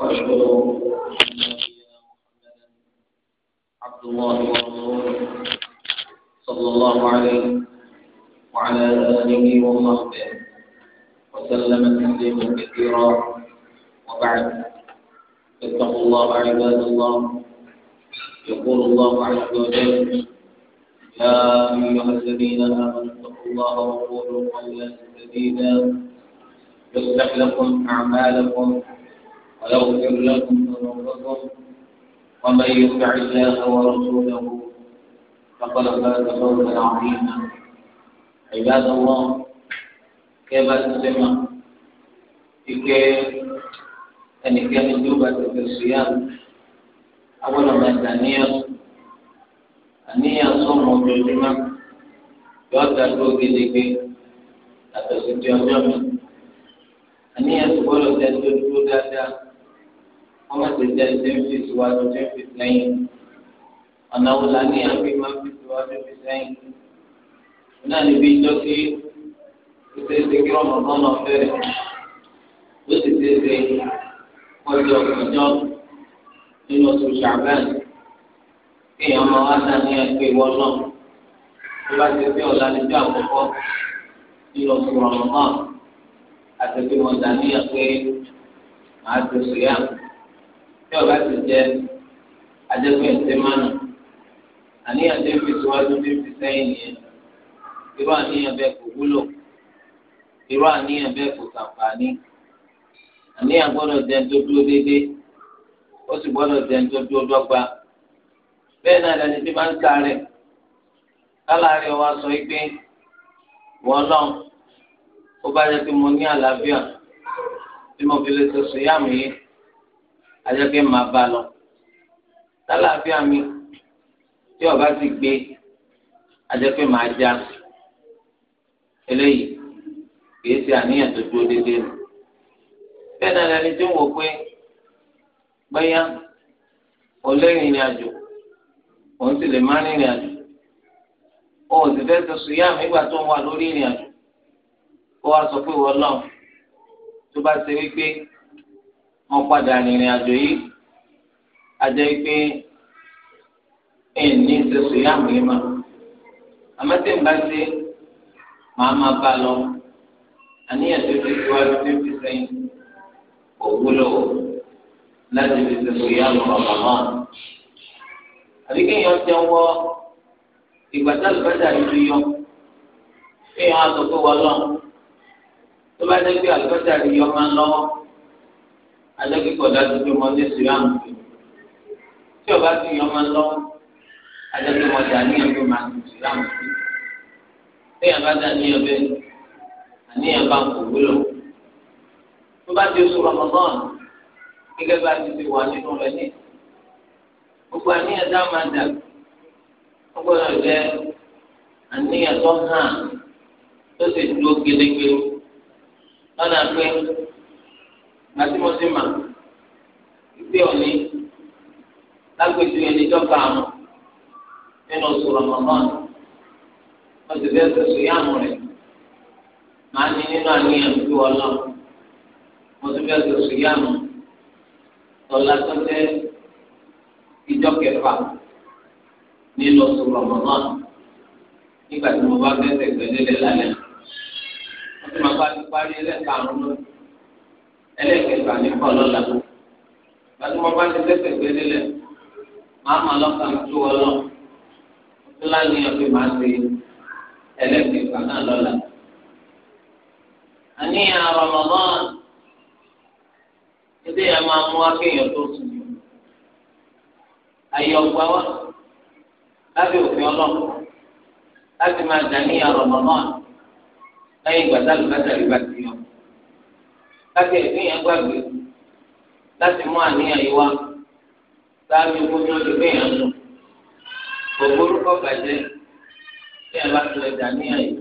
وأشهد عبد الله ورسوله صلى الله عليه وعلى آله وصحبه وسلم تسليما كثيرا وبعد اتقوا الله عباد الله يقول الله عز وجل يا أيها الذين آمنوا اتقوا الله وقولوا قولا سديدا يصلح لكم أعمالكم ويغفر لكم ذنوبكم ومن يطع الله ورسوله فقد فاز فوزا عظيما عباد الله كيف تسمع كيف أن كان يجوب في الصيام أول ما الثانية النية صوم وجوزنا يوضع توقي ذكي أتسجد يومي النية تقول تسجد dáadáa wọ́n má ti jẹ́ ṣe ń fi síwájú ṣe ń fi sẹ́yìn ọ̀nà wo la ní àbí máa ń fi síwájú fi sẹ́yìn náà níbi ìjọ sí ṣe ṣe kí ọmọ náà lọ fẹ́rẹ̀ ló sì ṣe ṣe kọjọ ìjọ nínú oṣù ṣàbẹ́ẹ̀ kéèyàn máa wá dá ní ẹgbẹ́ ìwọ náà tó bá ti fi ọ̀la níjọ́ àkọ́kọ́ nínú oṣù ọ̀nà náà àti pé wọ́n dá ẹgbẹ́ màá ti sùn tí ọba ti jẹ adékun ẹsẹ mánu àníyàn tó ń fi síwájú tó ń fi sẹ́yìn nìyẹn irú àníyàn bẹ́ẹ̀ kò wúlò irú àníyàn bẹ́ẹ̀ kò ṣàǹfààní àníyàn gbọ́dọ̀ jẹ ń tó dúró déédéé ó sì gbọ́dọ̀ jẹ ń tó dúró dọ́gba bẹ́ẹ̀ náà lẹni tí máa ń ka rẹ̀ kálárẹ̀ wa sọ pé wọ́n náà ó bá yẹ kí mo ní àlàáfíà tí mo fi lè sọ sùn yá mi yìí ajẹ́pẹ́ máa bá lọ lálàáfíà mi tí ọba sì gbé ajẹ́pẹ́ máa já eléyìí kìí ṣe àníyàn tó dúró déédéé nù bẹ́ẹ̀ náà lẹni tí ń wò pé gbẹ́yà ò lè rìnrìn àjò òun sì lè má rìnrìn àjò òun sì fẹ́ sọ sùn yá mi ìgbà tó ń wà lórí ìrìn àjò kó wá sọ pé wọ́n náà tó bá ṣe wípé wọn padà rìnrìn àjò yìí àjẹ́ pé ẹ̀ẹ́n ní ìṣẹ̀ṣẹ̀ yá mi mà àmọ́ tí n bá ṣe màá máa bá lọ àníyàn tó ti tó wájú tó ti sẹ́yìn kò wúlò láti fi ṣẹ̀ṣẹ̀ yá lọ bàbá náà àbí kéèyàn jẹ́ wọ́ ìgbà tá àlùbáṣà yìí ti yọ kéèyàn á sọ pé wọ́n lọ tó bá dé pé àlùbáṣà yìí yọ máa ń lọ́wọ́ adékèkọ̀ dájú pé mo ní sílámù tó tí ọba ti yọ ọmọ lọ adékèkọ̀ mo dà ní ẹgbẹ́ máa ní sílámù tó tí ọba dà ní ẹgbẹ́ àníyàn bá ń kò wúlò tó bá ti sùn Ramadan gẹ́gẹ́ bá ti ti wà nínú rẹ̀ ní gbogbo àníyàn dá máa dà gbogbo náà jẹ́ àníyàn tó hàn tó sì dúró gédégbé lọ́nà pé láti mo ti mà ìpè òní lágbèjú ẹni jọba àmọ́ nínú oṣù Ramadan wọn ti bẹ fẹsọ yáàmù rẹ màá ní nínú àníyàn tí wọn lọ wọn ti bẹ fẹsọ yáàmù tọ́lá tó fẹ́ ìjọ kẹfà nínú oṣù Ramadan nígbà tí mo bá fẹsẹ̀ gbẹdẹ́lẹ̀ lálẹ́ wọn ti máa bá ti parí ẹlẹ́ka náà ẹlẹ́kẹ̀ẹ́fà ní kọ́lọ́lá pàtó mo bá ti tẹ́tẹ̀ gbé nílẹ̀ máa ma lọ́kàn tó wọ́ lọ tó láníyàn pé máa ṣe ẹlẹ́kẹ̀ẹ́fà náà lọ́la. àníyàn Ramadan ẹdẹ yẹn máa mú akéèyàn tó sùn ayé ọgbà wa lábẹ́ òfin ọlọ́run láti máa dà níyàn Ramadan lẹ́yìn ìgbà bá tẹ̀lé ti yàn káfí ẹ̀sìn yẹn gbàgbé láti mú àníyàn yìí wá sáájú gbóná ló gbé yẹn lọ gbogbo orúkọ bàjẹ́ bí ẹ bá tilẹ̀ dàníyàn yìí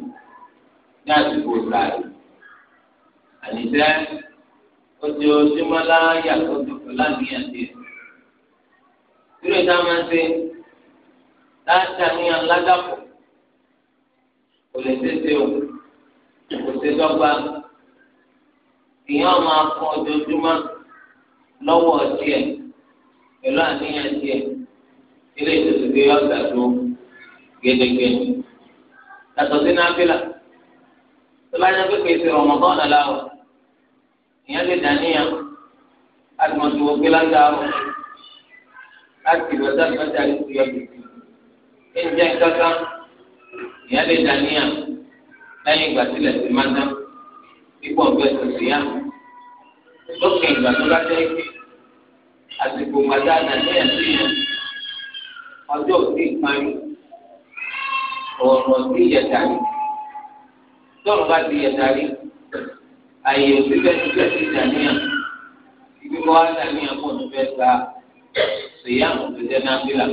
ní àsìkò ìgbàlè àníjẹ́ ojoojúmọ́ láyà tó dùkú láníyàn tiẹ̀ irú ìta máa ń ṣe láti àníyàn ládàpọ̀ kò lè ṣe ṣe o kò ṣe dọ́gba ìyá máa kọ ojoojúmọ́ lọ́wọ́ tiẹ̀ pẹ̀lú àníyàn tiẹ̀ ilé ìtòsí pé yọ gbàdúró gẹ́gẹ́ yàtọ̀ sí náfìlà tó bá yẹ kékeré sí Ramadan aláwọ̀ ìyá lè dàníyàn àtúmọ̀tò gbé lágbàáwọ̀ láti ìbọ̀dá ìbọ̀dá ìlú yọ kìkì ẹ̀ ń jẹ́ kankan ìyá lè dàníyàn lẹ́yìn ìgbà sílẹ̀ sí máa dán ipò ọ̀gbẹ́ tuntun yá lókè ìgbà tó bá jẹ́ ike àsìkò màdá nàìjíríà sí yẹn ọjọ́ òsì ìparí ọ̀rọ̀ sí ìyẹ̀dàrí tọ́rọ̀ bá ti yẹ̀dàrí àyè òsì bẹ́ẹ̀ ti dàníyàn ibi kọ́ wá dàníyàn pọ̀ tó fẹ́ gba sèyàmù tó jẹ́ nábìlà.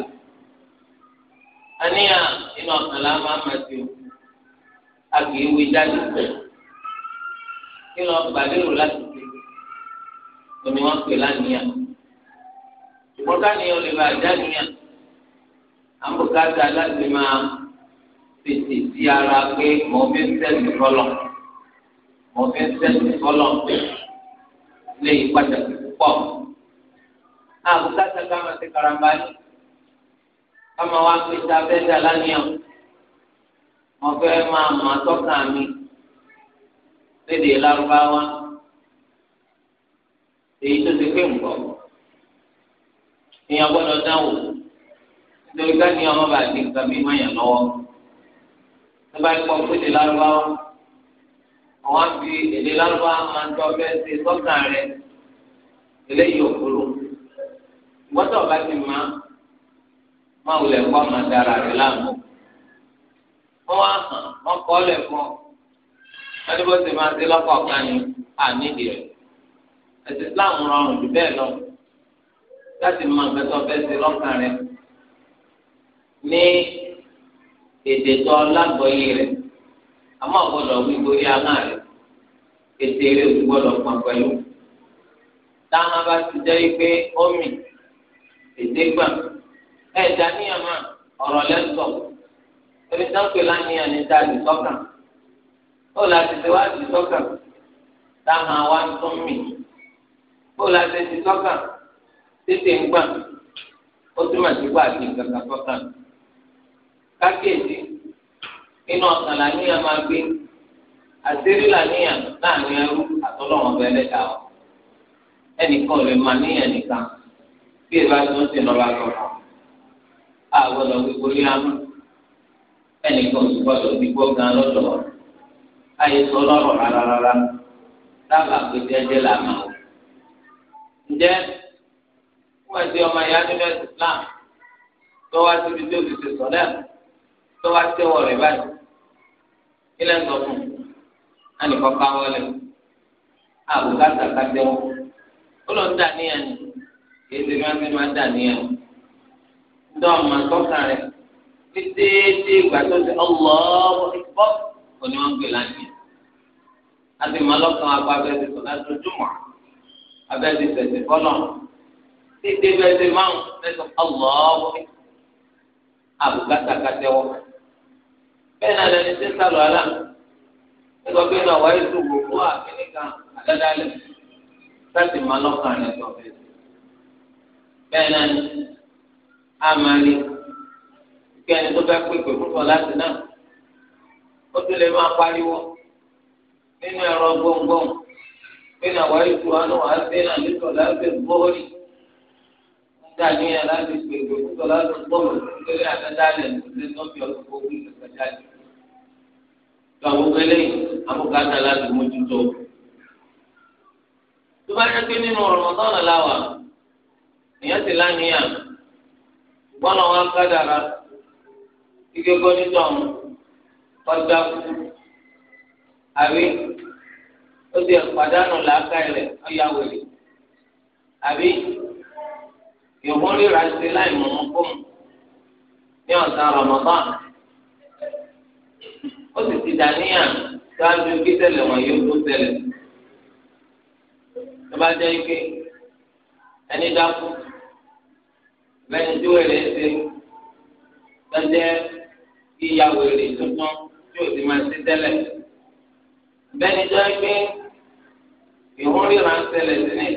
àníyàn inú ọ̀sán la máa ma ti o a kì í wí jáde pẹ̀lú kí lọ gbàlérò láti fi omi wọn pè lánìyàn ṣùgbọ́n káníyàn lè bá jáníyàn àmúkàtà láti máa fèsì sí ara pé mo fi ń sẹ́sì kọ́lọ̀ mo fi ń sẹ́sì kọ́lọ̀ lè pàtàkì púpọ̀ àmúkàtà ká máa ti karamba ní ká máa wá pèsè abẹ́jà lánìyàn mo fẹ́ máa mọ̀ àtọ́kàn mi lédè lárúbáwá èyí tó ti pé nǹkan èèyàn gbọ́dọ̀ dáwò nítorí ká ní ọmọ bá di nǹkan bí wọn yàn lọ́wọ́ tó bá kọ lédè lárúbáwá àwọn fi èdè lárúbáwá máa ń tọ́ bẹ́ẹ̀ ṣe sọ́kàn rẹ eléyìí òkúrò gbọ́dọ̀ bá ti máa máa wulẹ̀ kọ́ máa dára rẹ láàmú wọn wá hàn wọn kọ́ lẹ̀ fún ọ. wọ́n ní bó ṣe máa ṣe lọ́kọ̀ọ̀kan ni àníbi rẹ̀ ẹ̀sìn Islam rọrùn jù bẹ́ẹ̀ lọ láti mọ àgbẹ̀tọ̀ bẹ́ẹ̀ ṣe lọ́kàn rẹ̀ ní èdè tó lágbọ̀ọ́yé rẹ̀ àmọ́ ọ̀gbọ́dọ̀ wí gorí aná rẹ̀ ètè rẹ̀ òtún gbọ́dọ̀ pọn pẹ̀lú táwọn bá ti jẹ́ pé ó mì ètè gbà ọ̀rọ̀ lẹ́sọ̀ ẹni tó ń pè bóòlù àti tiwájú sọ́kàn a àwa ń tún mì bóòlù àti ti sọ́kàn tètè ń gbà ó túmọ̀ sí wà ní kankan sọ́kàn kákéèdì inú ọ̀sán làníyàn máa gbé àṣírí làníyàn láàrin ẹrú àtọ́lọ́wọ́n bẹ́ẹ̀ lẹ́dà ọ́ ẹnìkan ò lè máa níyàn nìkan bí ìbá tó ń sìn lọ́ba lọ́wọ́ àgbọ̀dọ̀ gbogbo ní amú ẹnìkan ò sì gbọ́dọ̀ gbígbó gan lọ́dọ̀ ọ̀rọ̀ ayé sọ lọ́rọ̀ rárá rárá dábàá pé jẹ́jẹ́ là máa wò. ǹjẹ́ wọ́n ti ọmọ ìyá nílẹ̀ islam tó wá síbi tó fi ṣe sọ̀lẹ́ tó wá tẹ́wọ̀ rẹ̀ báyìí ilẹ̀ ń sọ fún un láti kọ́kọ́ wọlé àbùkátà ká tẹ́wọ̀ ó lọ ń dà níyàn ni kì í ṣe máa ń fi máa dà níyàn ni ọmọ tọ́ka rẹ̀ fi déédéé ìgbà tó ṣe ọlọ́ọ̀ ìbọ́ òní wọ́n ń gbé láti àti màlọ́kàn àgbà abẹ́sẹ̀ sọ̀lá lójúmọ̀ abẹ́sẹ̀ sẹ̀sẹ̀ kọ́nà títí bẹ́sẹ̀ máa ń fẹsọ̀ ọlọ́ọ̀wọ́ àbùkátà kàtẹ́wọ́ bẹ́ẹ̀ náà lẹni tí ń sàlọ̀ àlá ẹgbẹ́ bẹ́ẹ̀ náà wáyé tó gbogbo àkínníkà àdádálẹ̀ láti màlọ́kàn rẹ̀ sọ̀ bẹ́ẹ̀ náà àmàlí kí ẹni tó bá pèpè fún sọ̀lá sí náà ó tún lè máa pariwo. nínú ẹ̀rọ gbọ̀ngbọ̀n nínú àwọn ètò àánú àbẹ́nà lẹ́tọ̀ lábẹ́ bọ́ọ̀lì nígbà ní ẹ̀ láti pè pé kúkọ́ láti bọ́ọ̀lù nítorí àtàdálẹ̀ nítorí tọ́pì ọdún gbogbo ìgbàjáde. Gbàgbọ́gbẹ́lẹ́ àbúkátà láti mójútó. Tó bá yẹ pé nínú ọ̀rọ̀ láwà, ìyẹn ti láníyàn. Gbọ́nà wọn àbí ó ti ẹ̀pàdánù làákàyè rẹ̀ ọ̀yà wèrè àbí yòówó ríra ṣe láì mọ̀ ọ́n fún un ní ọ̀sán Ramadan ó sì ti dàníyà sáájú kí tẹ̀lé wọn yóò tó tẹ̀lé tó bá jẹ́ ike ẹni dákú lẹ́ni tí wèrè ṣe tó jẹ́ ìyá wèrè tuntun tí ò ti máa ṣe tẹ́lẹ̀ bẹ́ẹ̀ni jẹ́ pé ìhun ríra ń ṣẹlẹ̀ sílẹ̀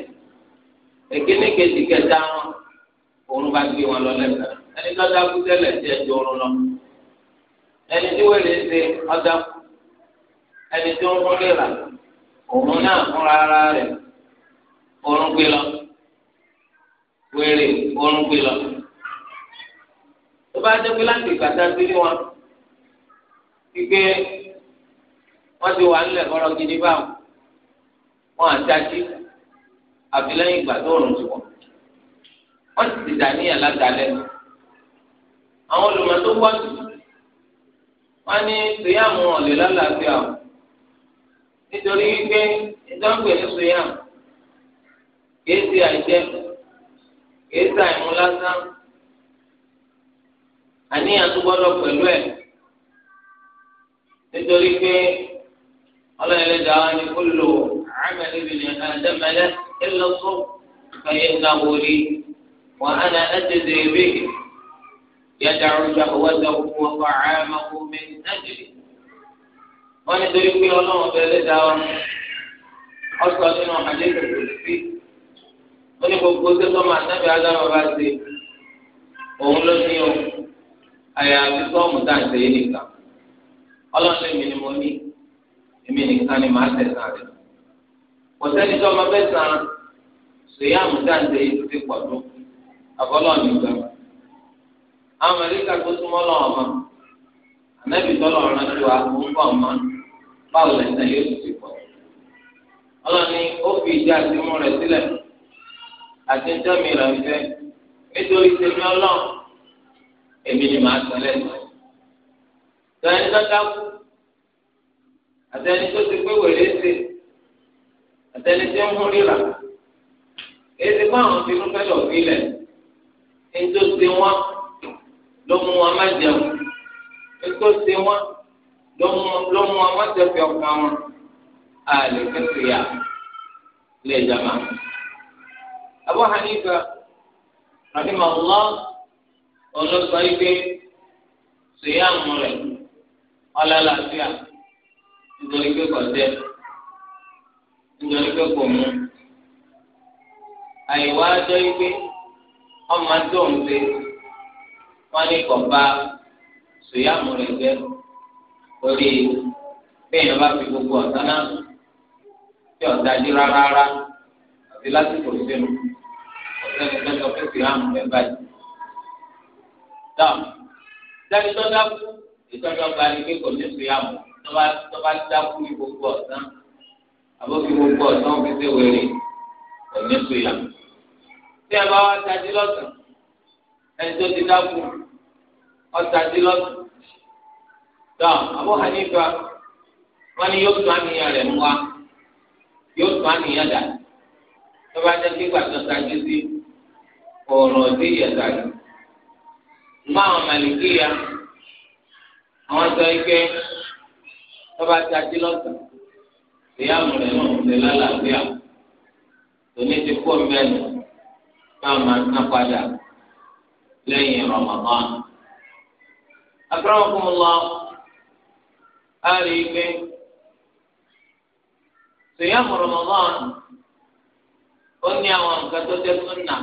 èkéne kejì kẹta wọn òun bá gbé wọn lọ lẹ́ka ẹni tó dákú tẹ́lẹ̀ tí ẹjọ́ ọ̀run lọ ẹni tí wẹ́lẹ̀ ń ṣe ọ̀dákú ẹni tó ń fún ríra òun náà fúnra ara rẹ̀ òun gbé lọ wẹ́rẹ̀ òun gbé lọ tó bá dé láti gbàdá sí wọn gbígbé wọ́n ti wà nílẹ̀ kọ́rọ́ gidi báwọn wọ́n àtàkì àfi lẹ́yìn ìgbà tó rùn tiwọn wọ́n ti ti dàníyàn látàlẹ́ àwọn olùmọ̀ tó gbọ́ tù wọ́n ní sèyàmù ọ̀lẹ́ lálàáfíà o nítorí wípé ìdánwò ní sèyàmù kìí ṣe àìjẹ kìí ṣe àìmú lásán àníyàn tó gbọ́dọ̀ pẹ̀lú ẹ̀ nítorí pé ọlọ́run ẹlẹ́dàá wa ni kó lò àmàlẹ́ bìnnì àdẹ́mẹlẹ́ ẹlọ́sọ́ fẹ́yẹ ńlá wọlé wọn á na ẹ̀jẹ̀dẹ̀ ewé yàtọ̀ àrùjọ àwọ̀dà òkú ọkọ̀ àmàkù mi nàjẹ̀lẹ̀ wọn nítorí pé ọlọ́run ẹlẹ́dàá wa ọsọ nínú àdéhùn kò sí wọn ní gbogbo sẹ́tọ́ máa nábì adáwọ̀ bá ṣe òun ló ní o àyàfi sọ́ọ̀mù dáǹtẹ̀ yìí nìkan ọlọ́run lè mí ni mo ní. èmi nìkan ni màá tẹ̀sán rẹ̀. kò sẹ́ni tí ọmọ bẹ́ẹ̀ san sèyáàmù dáńdé yìí ti pọ̀ tó àwọn ẹ̀ríkà tó súnmọ́ lọ́wọ́ ọmọ ànábì tọ́lọ̀ ọ̀ràn tó wa ọmọ báwo lẹ́sẹ̀ yóò ti pọ̀. ọlọ́ni ó fi ìjà àtìmú rẹ̀ sílẹ̀ àti ntẹ́mi rẹ̀ fẹ́ nítorí èmi ni màá sọ àtẹni tó ti pé wèrè ṣe àtẹni tí ń hún ríra èsì báwọn fi ń fẹ́ lọ sílẹ̀ ètò ṣe wọn ló mú wọn má jẹun ètò ṣe wọn ló mú wọn má jẹ fi ọkàn wọn a lè fi ṣìyà lè jama. Abu Hanifa rahimahullah olóògbé ṣìyà mú rẹ̀ ọlọ́lá ṣìyà nítorí pé kò tẹ nítorí pé kò mú àyíwá jọ wípé ọmọ tó ń ṣe wọn ní kò bá sòyàmù rẹ jẹ orí bẹ́ẹ̀ bá fi gbogbo ọ̀sán náà tí ọ̀sán jí rárá rárá àti lásìkò sínú ọ̀sán ìgbésọ̀ pé sòyàmù rẹ báyìí dáàmú dáàmú tó dáàbò ìtọ́jú ọba ni pé kò ní sòyàmù rẹ tọ́ba tọ́ba dákú ní gbogbo ọ̀sán àbókí gbogbo ọ̀sán fi ṣe wèrè ẹ̀mí sòyà. tí ẹ bá wá tají lọ́sàn ẹni tó ti dákú ọ̀tají lọ́sàn. tọ́ àbó hanifa wọ́n ní yóò tún àníyàn rẹ̀ mú wa yóò tún àníyàn dà tọ́ba jẹ́ kí gbàtọ́ tají sí ọ̀rọ̀ sí ìyẹ̀dà yìí. máa wọn màlìkì ya àwọn sọ ike tọ́ba ti ajé lọ́sàn ìyáàmù rẹ̀ náà ń lè lálàáfíà tòní ti kó mẹ́nu náà máa ń ná padà lẹ́yìn Ramadan. akọ́nàkùnmọ́ á rí i pé ìyáàmù Ramadan ó ní àwọn nǹkan tó jẹ́ súnà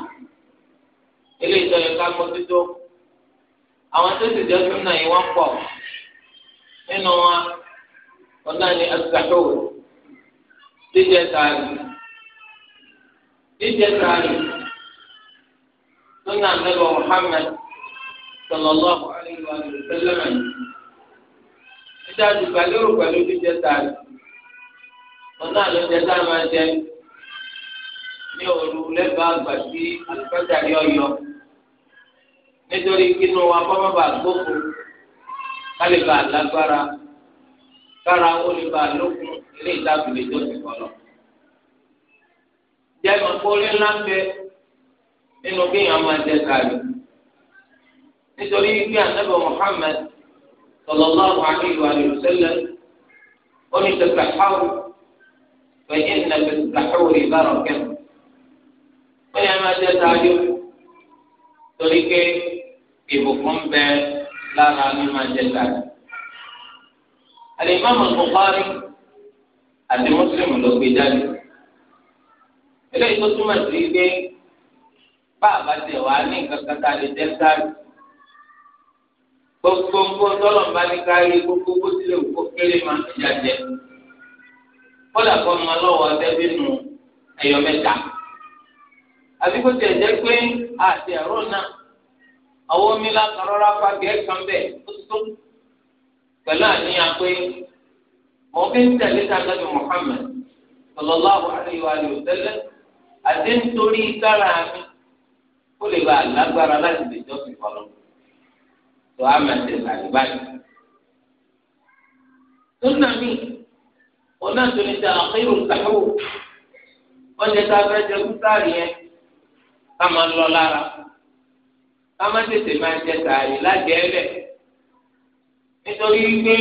ilé ìtọ́jú ká mójútó àwọn tó sì jẹ́ súnà yìí wọ́n pọ̀ nínú wọn ọ̀nà ni asàhó jíjẹ sàárì jíjẹ sàárì sunna nílò Muhammad sallallahu alayhi wa sallam jíjẹ àdùgbà lérò pẹ̀lú jíjẹ sàárì ọ̀nà ló jẹ sáà máa jẹ ní òru lẹ́bàá àgbà sí àlùfáàjà yọ yọ nítorí kínú wa kọ́ mọ́ bàa kálíbà lágbára kára ó lè ba lókun ilé ìtàbílẹ̀ tó ti kọ́ lọ. jẹ́ mọ̀kórí ńlá ń bẹ nínú kéèyàn máa jẹ kàrí. nítorí pé ànábì Muhammad sallallahu alaihi wa sallam ó ní tẹ̀sán háwù fẹ̀yìn ìnà tẹ̀sán ó yẹ máa jẹ kàrí torí pé ìbùkún bẹ lára ní máa jẹ kàrí alimami Bukhari àti Muslim ló gbé jáde eléyìí tó túmọ̀ sí pé báàbá tẹ̀ wá ní kankan tá a lè jẹ́ sáré gbogbo ńkọ tọ́lọ̀ ń bá ní káyé gbogbo bó tilẹ̀ wò kéré máa ń jà jẹ kódà kọ́ ọmọ lọ́wọ́ ọdẹ́bí nù ẹ̀yọ mẹ́ta àbí kó tẹ̀ jẹ́ pé àti ẹ̀rọ náà àwọn omi lákàrọ́ra fagẹ́ kan bẹ́ẹ̀ tó tó. pẹ̀lú àníyàn pé mo fi ń tẹ̀lé sàgbẹ́bí Muhammad sallallahu alaihi wa sallam àti nítorí mi ó lè ba àlágbára a máa tẹ̀ láyé báyìí. sunna mi ọ̀nà tó ní ta àkéwò kàwó ká jẹ yẹn ká máa lọ lára ká má nítorí wípé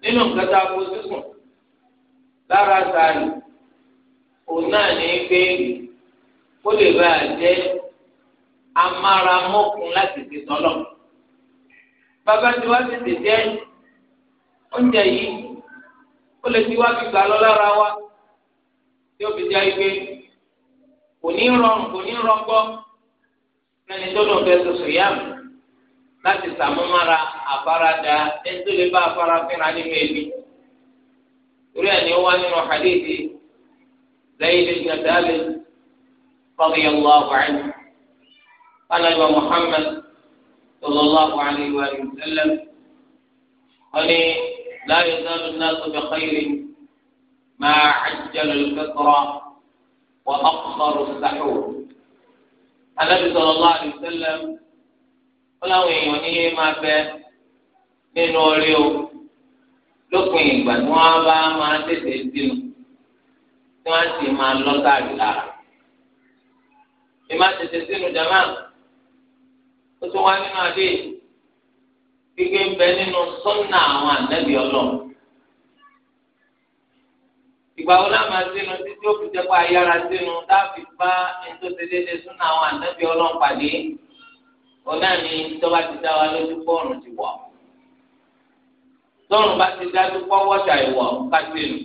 nínú nǹkan tá a kó sísùn lára sàárì òun náà ní pé kó lè bá a jẹ amáramọ́kun láti fi sọ́lọ̀. bàbá tí wàá tètè jẹ oúnjẹ yìí ó lè ti wá fi gbà lọ lára wa tí ó fi já igbe kò ní rọrùn kò ní rọgbọ ẹni tó lọ fẹ́ sọ̀sọ̀ yá mi. láti sàmúmára àfaradà ẹtú lè bá afárafínra nínú ebi torí ẹni wá nínú hadithi Zayd ibn Thabit radiyallahu anhu anabi Muhammad sallallahu alayhi wa sallam wani la yazalu an-nasu bi khairin ma ajjalu al-fitra wa akhkharu as-sahur anabi sallallahu alayhi wa sallam. wọn làwọn èèyàn ní yéé máa bẹ nínú orí o lópin ìgbà tí wọn bá máa tètè dínú tí wọn sì máa lọ sáàrì lára ìmá tètè dínú jama ó tún wá nínú adé gbígbé ń bẹ nínú sọ́nà àwọn ànábì ọlọ́run ìgbà wo la máa sínú títí ó fi jẹ́ pé ayára sínú tá a fi bá ẹni tó ṣe déédéé sún àwọn ànábì ọlọ́run ọ̀nà ni tọ́ba ti dá wa lójú fọ́ọ̀rùn ti wọ̀ tọ́rùn bá ti dájú pọ́wọ́ṣà ìwọ̀ kásìlù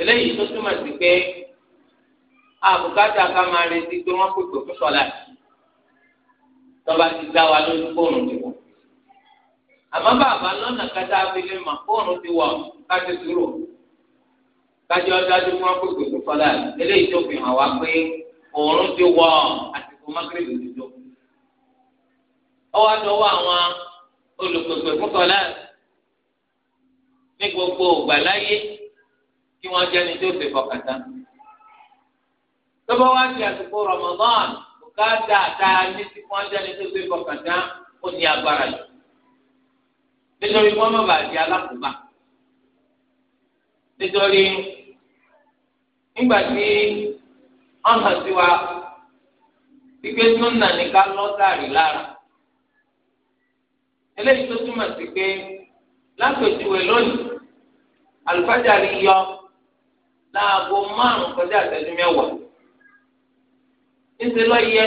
eléyìí tó túmọ̀ sí pé àbùkátà ká máa retí pé wọ́n pèpè fún sọ́lá tọ́ba ti dá wa lójú fọ́ọ̀rùn ti wọ̀ àmọ́ bàbá lọ́nà kátà abílé mà fọ́ọ̀rùn ti wọ̀ káṣí dúró káṣí ọ̀dájú fún wọn pèpè eléyìí tó fi hàn wá pé òórùn ti wọ̀ àsìkò mákèrè lòdì tó ọwọ́ àtọwọ́ àwọn olùpèpè fún sọlá ní gbogbo ògbà láyé kí wọ́n jẹ́ni tó ṣe fọkàtà. tọ́bọ̀ wá di àsìkò Ramadan bùkátà tá a ní tí wọ́n jẹ́ni tó ṣe fọkàtà ó ní agbára yìí. nítorí wọ́n má bàa di alákòóbá. nítorí nígbà tí wọ́n hàn sí wa wípé súnà ní ká lọ́ọ́ sàrí lára eléyìí tó túmọ̀ sí pé lápèjúwe lónìí àlùfáàjà rí yọ láago márùn kọjá ìṣẹ́jú mẹ́wàá níṣẹ́ ló yẹ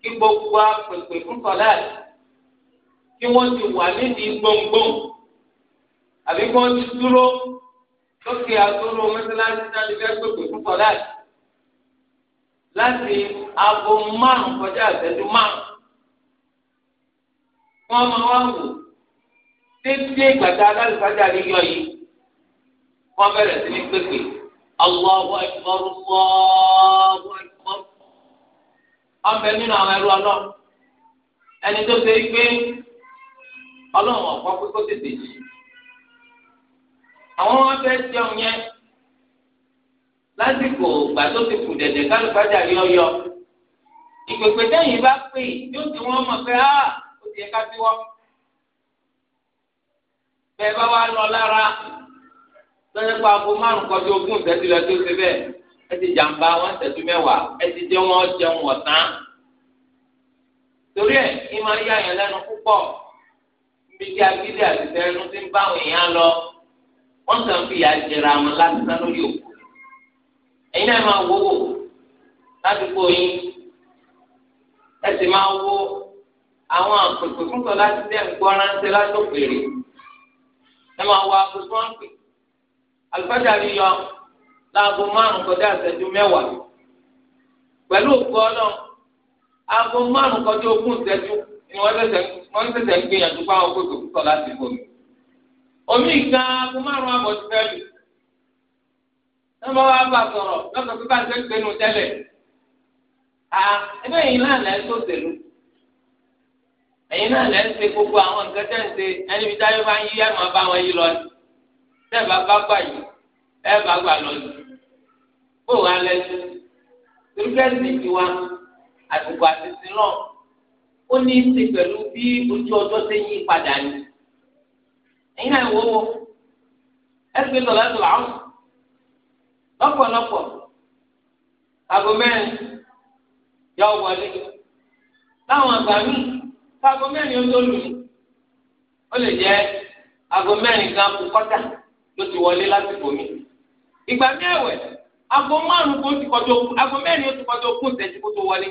kí gbogbo apèpè fún kọ́lá kí wọ́n ti wà nídìí gbòǹgbòǹ àbí kí wọ́n ti dúró lókè àtúrò mọ́sálásí náà lè pèpè fún kọ́lá láti aago márùn kọjá ìṣẹ́jú márùn. wọ́n máa wá wò dédé gbàtà alálùfáàjà yọ yìí sí ní pépè nínú àwọn ẹrú ẹni tó ṣe é gbé pé kó tètè jì àwọn wọn fẹ́ yẹn lásìkò kù kálùfáàjà ọyọ ìpèpè tẹ́yìn bá pè yóò ti pé ah, ti ẹ̀ka sí wọ́n. bẹ́ẹ̀ bá wà lọ lára lọ́jọ́ pé aago márùn-ún kọjú ogún ìṣẹ́jú lọ tó ṣe bẹ́ẹ̀ ẹ ti jàǹbá wọn ìṣẹ́jú mẹ́wàá ẹ ti jẹ́ wọn jẹun ọ̀sán. torí ẹ̀ ní máa yá yẹn lẹ́nu púpọ̀ níbi tí agídí àtìsẹ́ ẹnu ti ń bá àwọn èèyàn lọ wọ́n kàn fi ìyà jẹra wọn láti sá lórí òkú. ẹ̀yin náà máa wò wò ládùúgbò yín ẹ sì máa wò àwọn àpèpè fún sọ láti tẹ̀ ń gbọ́ ránṣẹ́ látòkèrè ẹ máa wọ aago tí wọ́n ń pè alùpàdé àríyọ láago márùn kọjá ìṣẹ́jú mẹ́wàá pẹ̀lú òkú ọlọ́run aago márùn kọjá ogún ìṣẹ́jú ni wọ́n tẹ̀sẹ̀ ń gbìyànjú fún àwọn àpèpè fún sọ láti bomi omi ìka aago márùn àbọ̀ ti fẹ́ lù lọ́mọ wa bá sọ̀rọ̀ lọ́sọ̀ pípa ṣe ń gbénu tẹ́lẹ̀ à ẹgbẹ́ yìí lánàá ẹ̀ tó tẹ̀lé ẹ̀yin náà lẹ́ ń ṣe gbogbo àwọn nǹkan tẹ́ ń ṣe ẹni bíi táyé máa ń yí ẹ̀ máa bá wọn yí lọ ni tẹ́ bá bá gbà yìí ẹ̀ bá gbà lọ ni kó wá lẹ́sìn kírísítẹ́nì ti wá àsìkò àtìsí náà ó ní í pẹ̀lú bí ojú ọjọ́ ṣe yí padà ni ẹ̀yin náà wò ó ẹ̀ gbé lọ́la tó làwọn lọ́pọ̀lọpọ̀ àgọ́ mẹ́rin yọ wọlé láwọn àgbà míì aago mẹ́rin ó tó lù ó lè jẹ́ aago mẹ́rin gan kú kọ́tà ló ti wọlé lásìkò mi ìgbà mi ẹ̀wẹ̀ aago márùn kó ti kọjọ aago mẹ́rin ó ti kọjọ ogún ìṣẹ́jú kó tó wọlé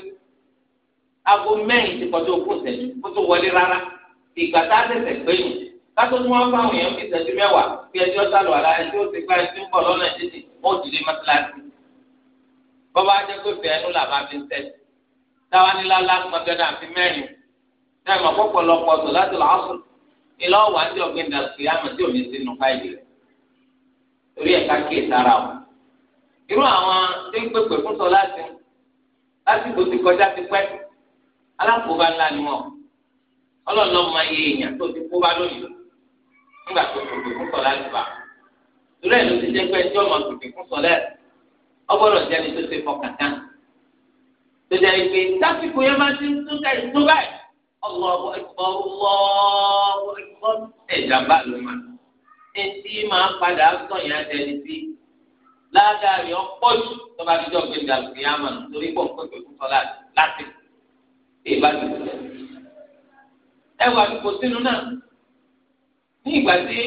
aago mẹ́rin ti kọjọ ogún ìṣẹ́jú kó tó wọlé rárá ìgbà tá a tẹ̀sẹ̀ pé yìí kátó tí wọ́n bá àwọn èèyàn fi ìṣẹ́jú mẹ́wàá fi ẹjọ́ sálọ àlá ẹjọ́ ti gbá ẹjọ́ ń bọ̀ lọ́nà títì wọ́n ti lé mọ́tíláṣí bọ́bá jẹ́ pé fẹ́ẹ́ nù làbá fi ń tẹ̀sí táwa ní lálá gbọ́dọ̀ àfi mẹ́rin náà mọ̀ pọ̀pọ̀lọpọ̀ ọ̀tọ̀ láti lọ ọ̀sùn ilé ọ̀wà tí ọ̀gbìn dà sí àmọ̀ tí omi sínú fáìlì rẹ̀ torí ẹ̀ ká kíyè sára o. irú àwọn tí ń pèpè fún sọ láti lásìkò ti kọjá ti pẹ́ alákòóbá ńlá ni wọn ọlọ́ọ̀lọ́ mọ iye èèyàn tó ti kó bá lónìí nígbà tó pèpè fún sọ láti bá torí ẹ̀ ló ti jẹ́ pé ẹjọ́ mọ̀ pèpè fún sọ lẹ́ẹ̀ ọgbọ́dọ̀ jẹ́ni tó ti fọkàn tán tó jẹ́ pé sásìkò yẹn máa ti ń tún báyìí Allahu akbar Allahu akbar ẹ̀jàmbá ló ma etí máa padà sọ̀yìn àtẹni sí ládàrí ọ̀pọ̀jù tó bá dídọ̀ gbé dàgbé àmà lórí pọ̀ pẹ̀pẹ̀ fún sọ́lá láti ìbá dùn. ẹ wà lóko sínú náà ní ìgbà tí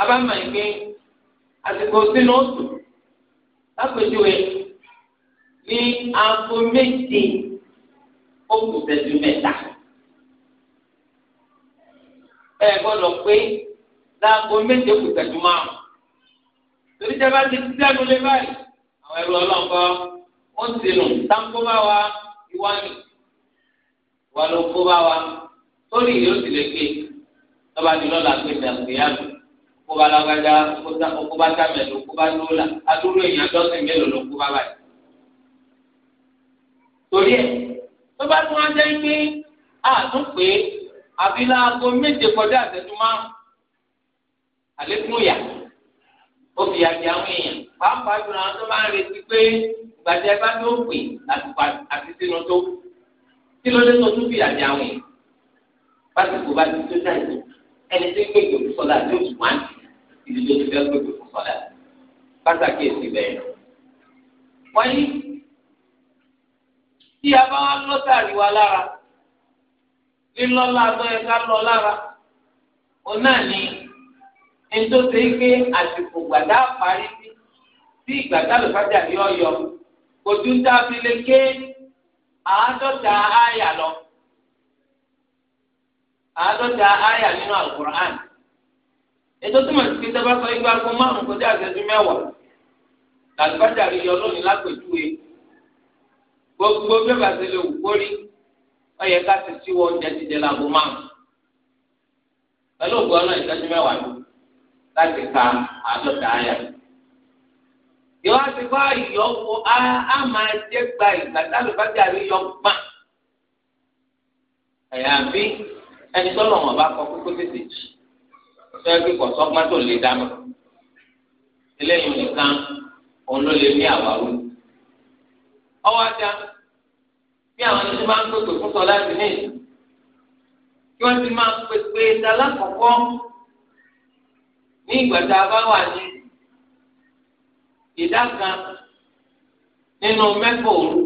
a bá pé àsìkò sínú oṣù lápèjúwe ní aago méje ó kù tẹ̀sí mẹ́ta. ẹ gbọ́dọ̀ pé láago méje kù tẹ̀sí márùn. torí jábá ti ti dẹ́nu lé báyìí àwọn ẹrù ọlọ́ǹkọ́ ó ń sinú táǹkó bá wa ìwà ni ìwà ló kó bá wa sórí yóò sì lè gbé lọ́ba ti lọ́la pé ìdàgbéyàwó kó bá lágbájá kó bá sàmẹ̀lú kó bá lóla adúrú èèyàn dọ́sìn mélòó ló kó báyìí. torí ẹ̀ tó bá tún á jẹ́ pé àtún pé àfi láago méje kọjá àtẹ̀tún márùn àlékún yà ó fi àjẹ àwọn èèyàn pàápàá jùlọ àwọn tó máa ń retí pé ìgbàjẹ bá tó pè àtùpà àti sínú tó kí ló dé tó tún fi àjẹ àwọn èèyàn pásítọ̀ bá ti tó jáde ẹni tí ń gbèjò fún sọlá yóò tún wá ìdíjọ́ tó fẹ́ gbèjò fún sọlá pàtàkì èsì bẹ́ẹ̀ wáyé tí a bá wá lọ́tàrí wa lára lílọ́lá agbẹ́yẹ ká lọ lára òun náà ni nítòsí pé àsìkò gbàdá parí sí tí ìgbàdá lòfàjà ní ọyọ ojú tá a fi lè ké àádọ́ta àyà lọ àádọ́ta àyà nínú alukur'an ètò tó mọ̀ sí pé dábàá sọ igba agbó márùn-ún kọjá àgbẹ̀dún mẹ́wàá làlùfàjà rí yọ lónìí lápèjúwe gbogbo bí ọba ti lè wù kórí ọyẹ ká ti tiwọ oúnjẹ ti dé láago márùn pẹ̀lú ògbó Ọlọ́run ìtọ́jú mẹ́wàá ló láti ka àádọ́ta ayà yọọ ti bá ìyọwọ á máa jẹ gba ìgbà táwọn bá ti àrí yọ gbà àyàfi ẹni tọ́lọ̀ wọn bá kọ kókó tètè jì sọ ẹ́ kíkọ sọ́gbọ́n tó lè dáná eléyìí nìkan òun ló lè ní àwárò ọwọ́ ajá bí àwọn ẹni tó máa ń pèpè fún sọ láti ní ìlú kí wọ́n ti máa pèpè ìdálákọ̀ọ́kọ́ ní ìgbà tá a bá wà ní ìdá kan nínú mẹ́fà òru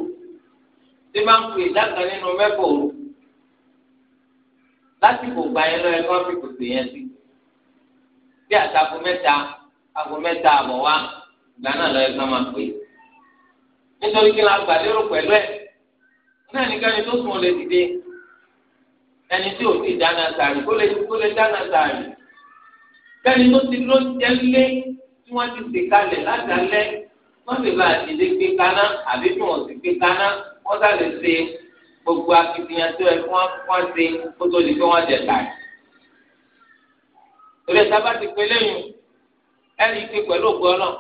tí máa ń pè ìdá kan nínú mẹ́fà òru lásìkò gbà yẹn lọ ẹ kọ́ fi pèpè yẹn sí bí àtàkùn mẹ́ta àkùn mẹ́ta àbọ̀ wá ìgbà náà lọ ẹ kọ́ máa pè é nítorí kí la gbà lérò pẹ̀lú ẹ̀ náà ní káyọ̀ tó sùn lè dìde ẹni tí ò ti dáná sàárì kó lè kó lè dáná sàárì kẹ́ni tó ti ló jẹ́ lé tí wọ́n ti sè kalẹ̀ ládàálẹ́ wọ́n sì bá àdìdé gbé kaná àbí tí wọ́n sì gbé kaná wọ́n sá lè ṣe gbogbo akitiyan tó ẹ fún wọn ṣe kó tó di pé wọ́n jẹ sàárì. ìrẹsì sábà ti pé lẹ́yìn ẹ̀rí ike pẹ̀lú ògbọ́n náà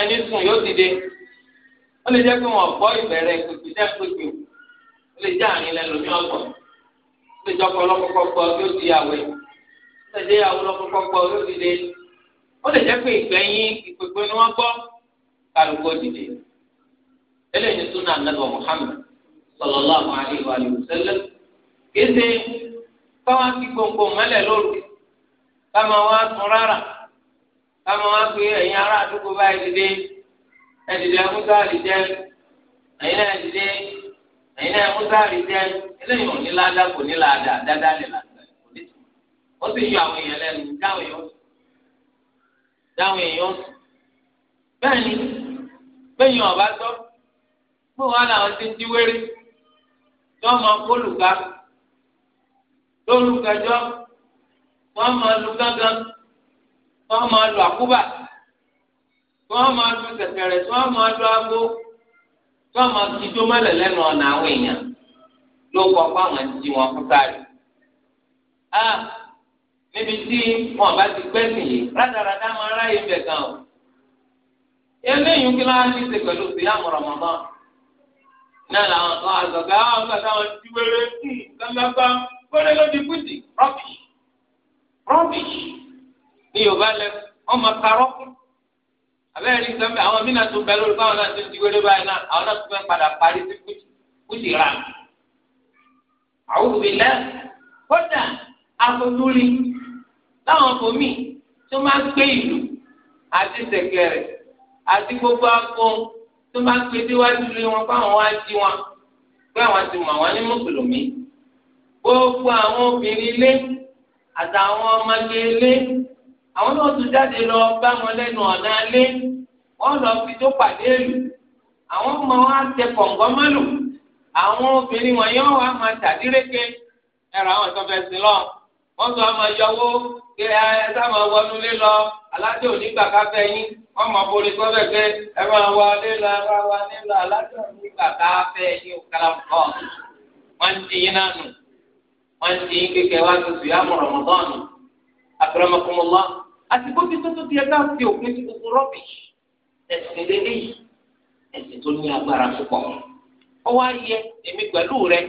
ẹni sùn yóò dìde ó lè jẹ́ pé wọ́n gbọ́ ìbẹ̀rẹ̀ pèpè jẹ́ pèpè ó lè jẹ́ àárín lẹ́nu ní ọ̀gbọ̀n ó lè jọ ọkọ̀ ọlọ́kọ̀ọ́kọ́ gbọ́ yóò di àwẹ̀ ó lè jẹ́ ìyàwó ọlọ́kọ̀ọ́kọ́ gbọ́ yóò dìde ó lè jẹ́ pé ìgbẹ̀yìn ìpèpè ni wọ́n gbọ́ kálukó dìde eléyìí tún náà nàbọ̀ Muhammad sallallahu alayhi wa sallam kéde káwọn ti gbòǹgbò mẹ́lẹ̀ lóru káwọn wá tún rárá káwọn wá pé ẹ̀yin ará àdúgbò báyìí dìde ẹdìdì ẹmúsáàlì jẹ ẹyin náà ẹdìdì ẹyin náà ẹmúsáàlì jẹ eléyìí ò ní ládà kò ní ládà dáadáa lè ládà kò ní tù ó sì yọ àwọn èèyàn lẹ́nu dáwọn èèyàn dáwọn èèyàn bẹ́ẹ̀ ni bẹ́ẹ̀ yàn ọba tọ́ fún wa làwọn ti ń di wéré tí wọ́n máa kó lùgá lórúkẹjọ́ wọ́n máa lu gángan wọ́n tí wọ́n máa lu kẹ̀kẹ́rẹ́ tí wọ́n máa lu aago tí wọ́n máa ti dómọ́lẹ̀ lẹ́nu ọ̀nà àwọn èèyàn ló kọ́ fún àwọn ẹni tí wọ́n sáré. a níbi tí wọn bá ti gbẹ́ nìyí rádaràdá máa ráyè bẹ̀ gan o. eléyìí kí ti ṣe pẹ̀lú àmọ̀ràn mọ́mọ́ náà làwọn kan àzọ̀gá àwọn kan abẹ́rẹ́ ní nǹkan bẹ́ẹ̀ àwọn mìíràn tó bẹ lórí báwọn náà ti ń diwéré báyìí náà àwọn náà tó fẹ́ padà parí sí kùtì rà àwọn òbí lẹ́ kódà afọ́lórí táwọn fòmí tó máa ń gbé ìlú àti sẹ̀kẹ̀rẹ̀ àti gbogbo akọ tó máa ń gbé déwájú lé wọn fáwọn wá jí wọn pé àwọn ti mọ̀ wọn ní gbogbo àwọn obìnrin ilé àtàwọn ọmọge ilé àwọn náà tún jáde lọ bá wọn lẹ́nu ọ̀nà alẹ́ wọ́n lọ fi tó pàdé èlù àwọn ọmọ wa tẹ kọ̀ǹgọ́ mọ́lù àwọn obìnrin wọn yóò wá máa tàdíreke ẹ̀rọ àwọn tó fẹ́ sí lọ wọ́n tún wá máa yọwó kí ẹ sábà wọnú lé lọ alájọ onígbà káfẹ́ yín wọ́n máa borí kọ́fẹ́ pé ẹ máa wọ lé lọ ẹ wá lé lọ alájọ onígbà káfẹ́ yín kálá kọ́ wọ́n ti yín nánu wọ́n ti yín kékeré wá tuntun yá mọ̀rọ̀mọ́tọ́nù àkàràmọ́kùnmọ́lá àsìkò tí tó tó ti ẹgbẹ́ àti òpin ti gbogbo rọ́bìṣì ẹ̀sìn lélẹ́yìí ẹ̀sìn tó ní agbára púpọ̀ ọ wá yẹ èmi pẹ̀lú rẹ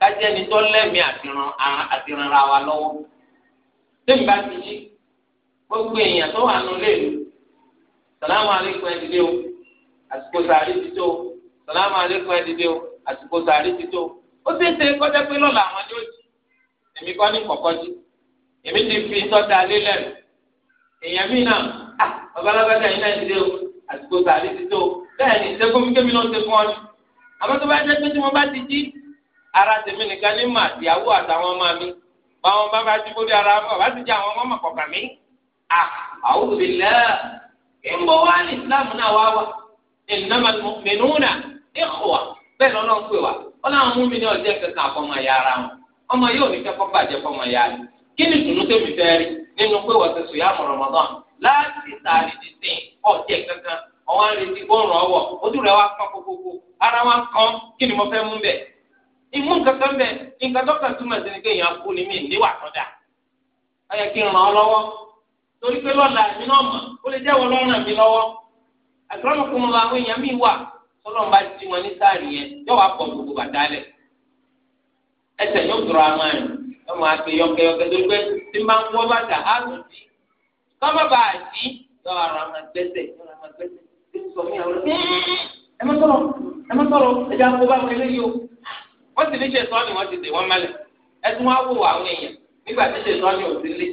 kájẹ́ ni tó lẹ́mìí àtìrànra wa lọ́wọ́ lẹ́yìn bá ti yí gbogbo èèyàn tó wà nù lẹ́nu sàlámù alẹ́kùn ẹ̀ dìde o àsìkò sàárì ti tó sàlámù alẹ́kùn ẹ̀ dìde o àsìkò sàárì ti tó ó sì ń ṣe kọjá pé lọ́la àwọn ni ó jí èmi kọ́ ní kọ̀kọ́ jí èmi ti fi tọ́ta lé lẹ́nu èèyàn mí náà à ah, babalábàtà yìí náà ti dé o àsìkò sàrí ti tó o bẹ́ẹ̀ ni ṣẹ́gbọ́míkémi náà ń ṣe fún ọ ni àmọ́ tó bá jẹ́ pé tí mo bá ti jí ara tèmi nìkan ní mà ìyàwó àtàwọn ọmọ mi báwọn bá bá ti bóde ara wọn bá ti jẹ àwọn ọmọ mọ̀kọ̀ọ̀kan mi à ah, a'udhu billah ń bọ wá ní ìsìláàmù náà wá wá innamal mu'minuna ikhwa bẹ́ẹ̀ lọ́nà ń pè wá wọn làwọn mú mi ní ọjọ́ kankan àfọmọ ìyá ara wọn ọmọ yóò ní kẹ́kọ̀ọ́ bàjẹ́ fọmọ ìyá rẹ̀ kí ni tùnú tèmi fẹ́ rí nínú pé wọ́n sùn yá mọ̀ Ramadan láti tààrí dídín ọ̀jẹ̀ kankan ọ̀wọ́n á retí bọ́ọ̀rùn ọwọ́ ojú rẹ̀ wá kán kókókó ara wa kán kí ni mo fẹ́ mú bẹ̀. ìmú nǹkan kan nǹkan tó kàn túmọ̀ sí ni ni mí níwà yẹ kí n ràn ọ́ lọ́wọ́ torí pé lọ́la mi náà mọ̀ ó lè jẹ́ wọ́n lọ́rùn mi lọ́wọ́. àtúrọ́mù àwọn èèyàn míì ọmọ àti yọkẹyọkẹ tó gbé tí máa ń wọ bàtà á lù sí kọ́mọ́ bá a jí lọ ara máa gbẹ́sẹ̀ lọ́ra máa gbẹ́sẹ̀ tí ń sọ mí àwọn ẹ má sọ̀rọ̀ ẹ má sọ̀rọ̀ ẹ jẹ́ àkóbá wọn eléyìí o wọ́n sì ní ṣe sọ́ ni wọ́n ti dè wọ́n mẹ́lẹ̀ ẹ tún wá wò àwọn èèyàn nígbà tí ṣe sọ́ ni ò sí lé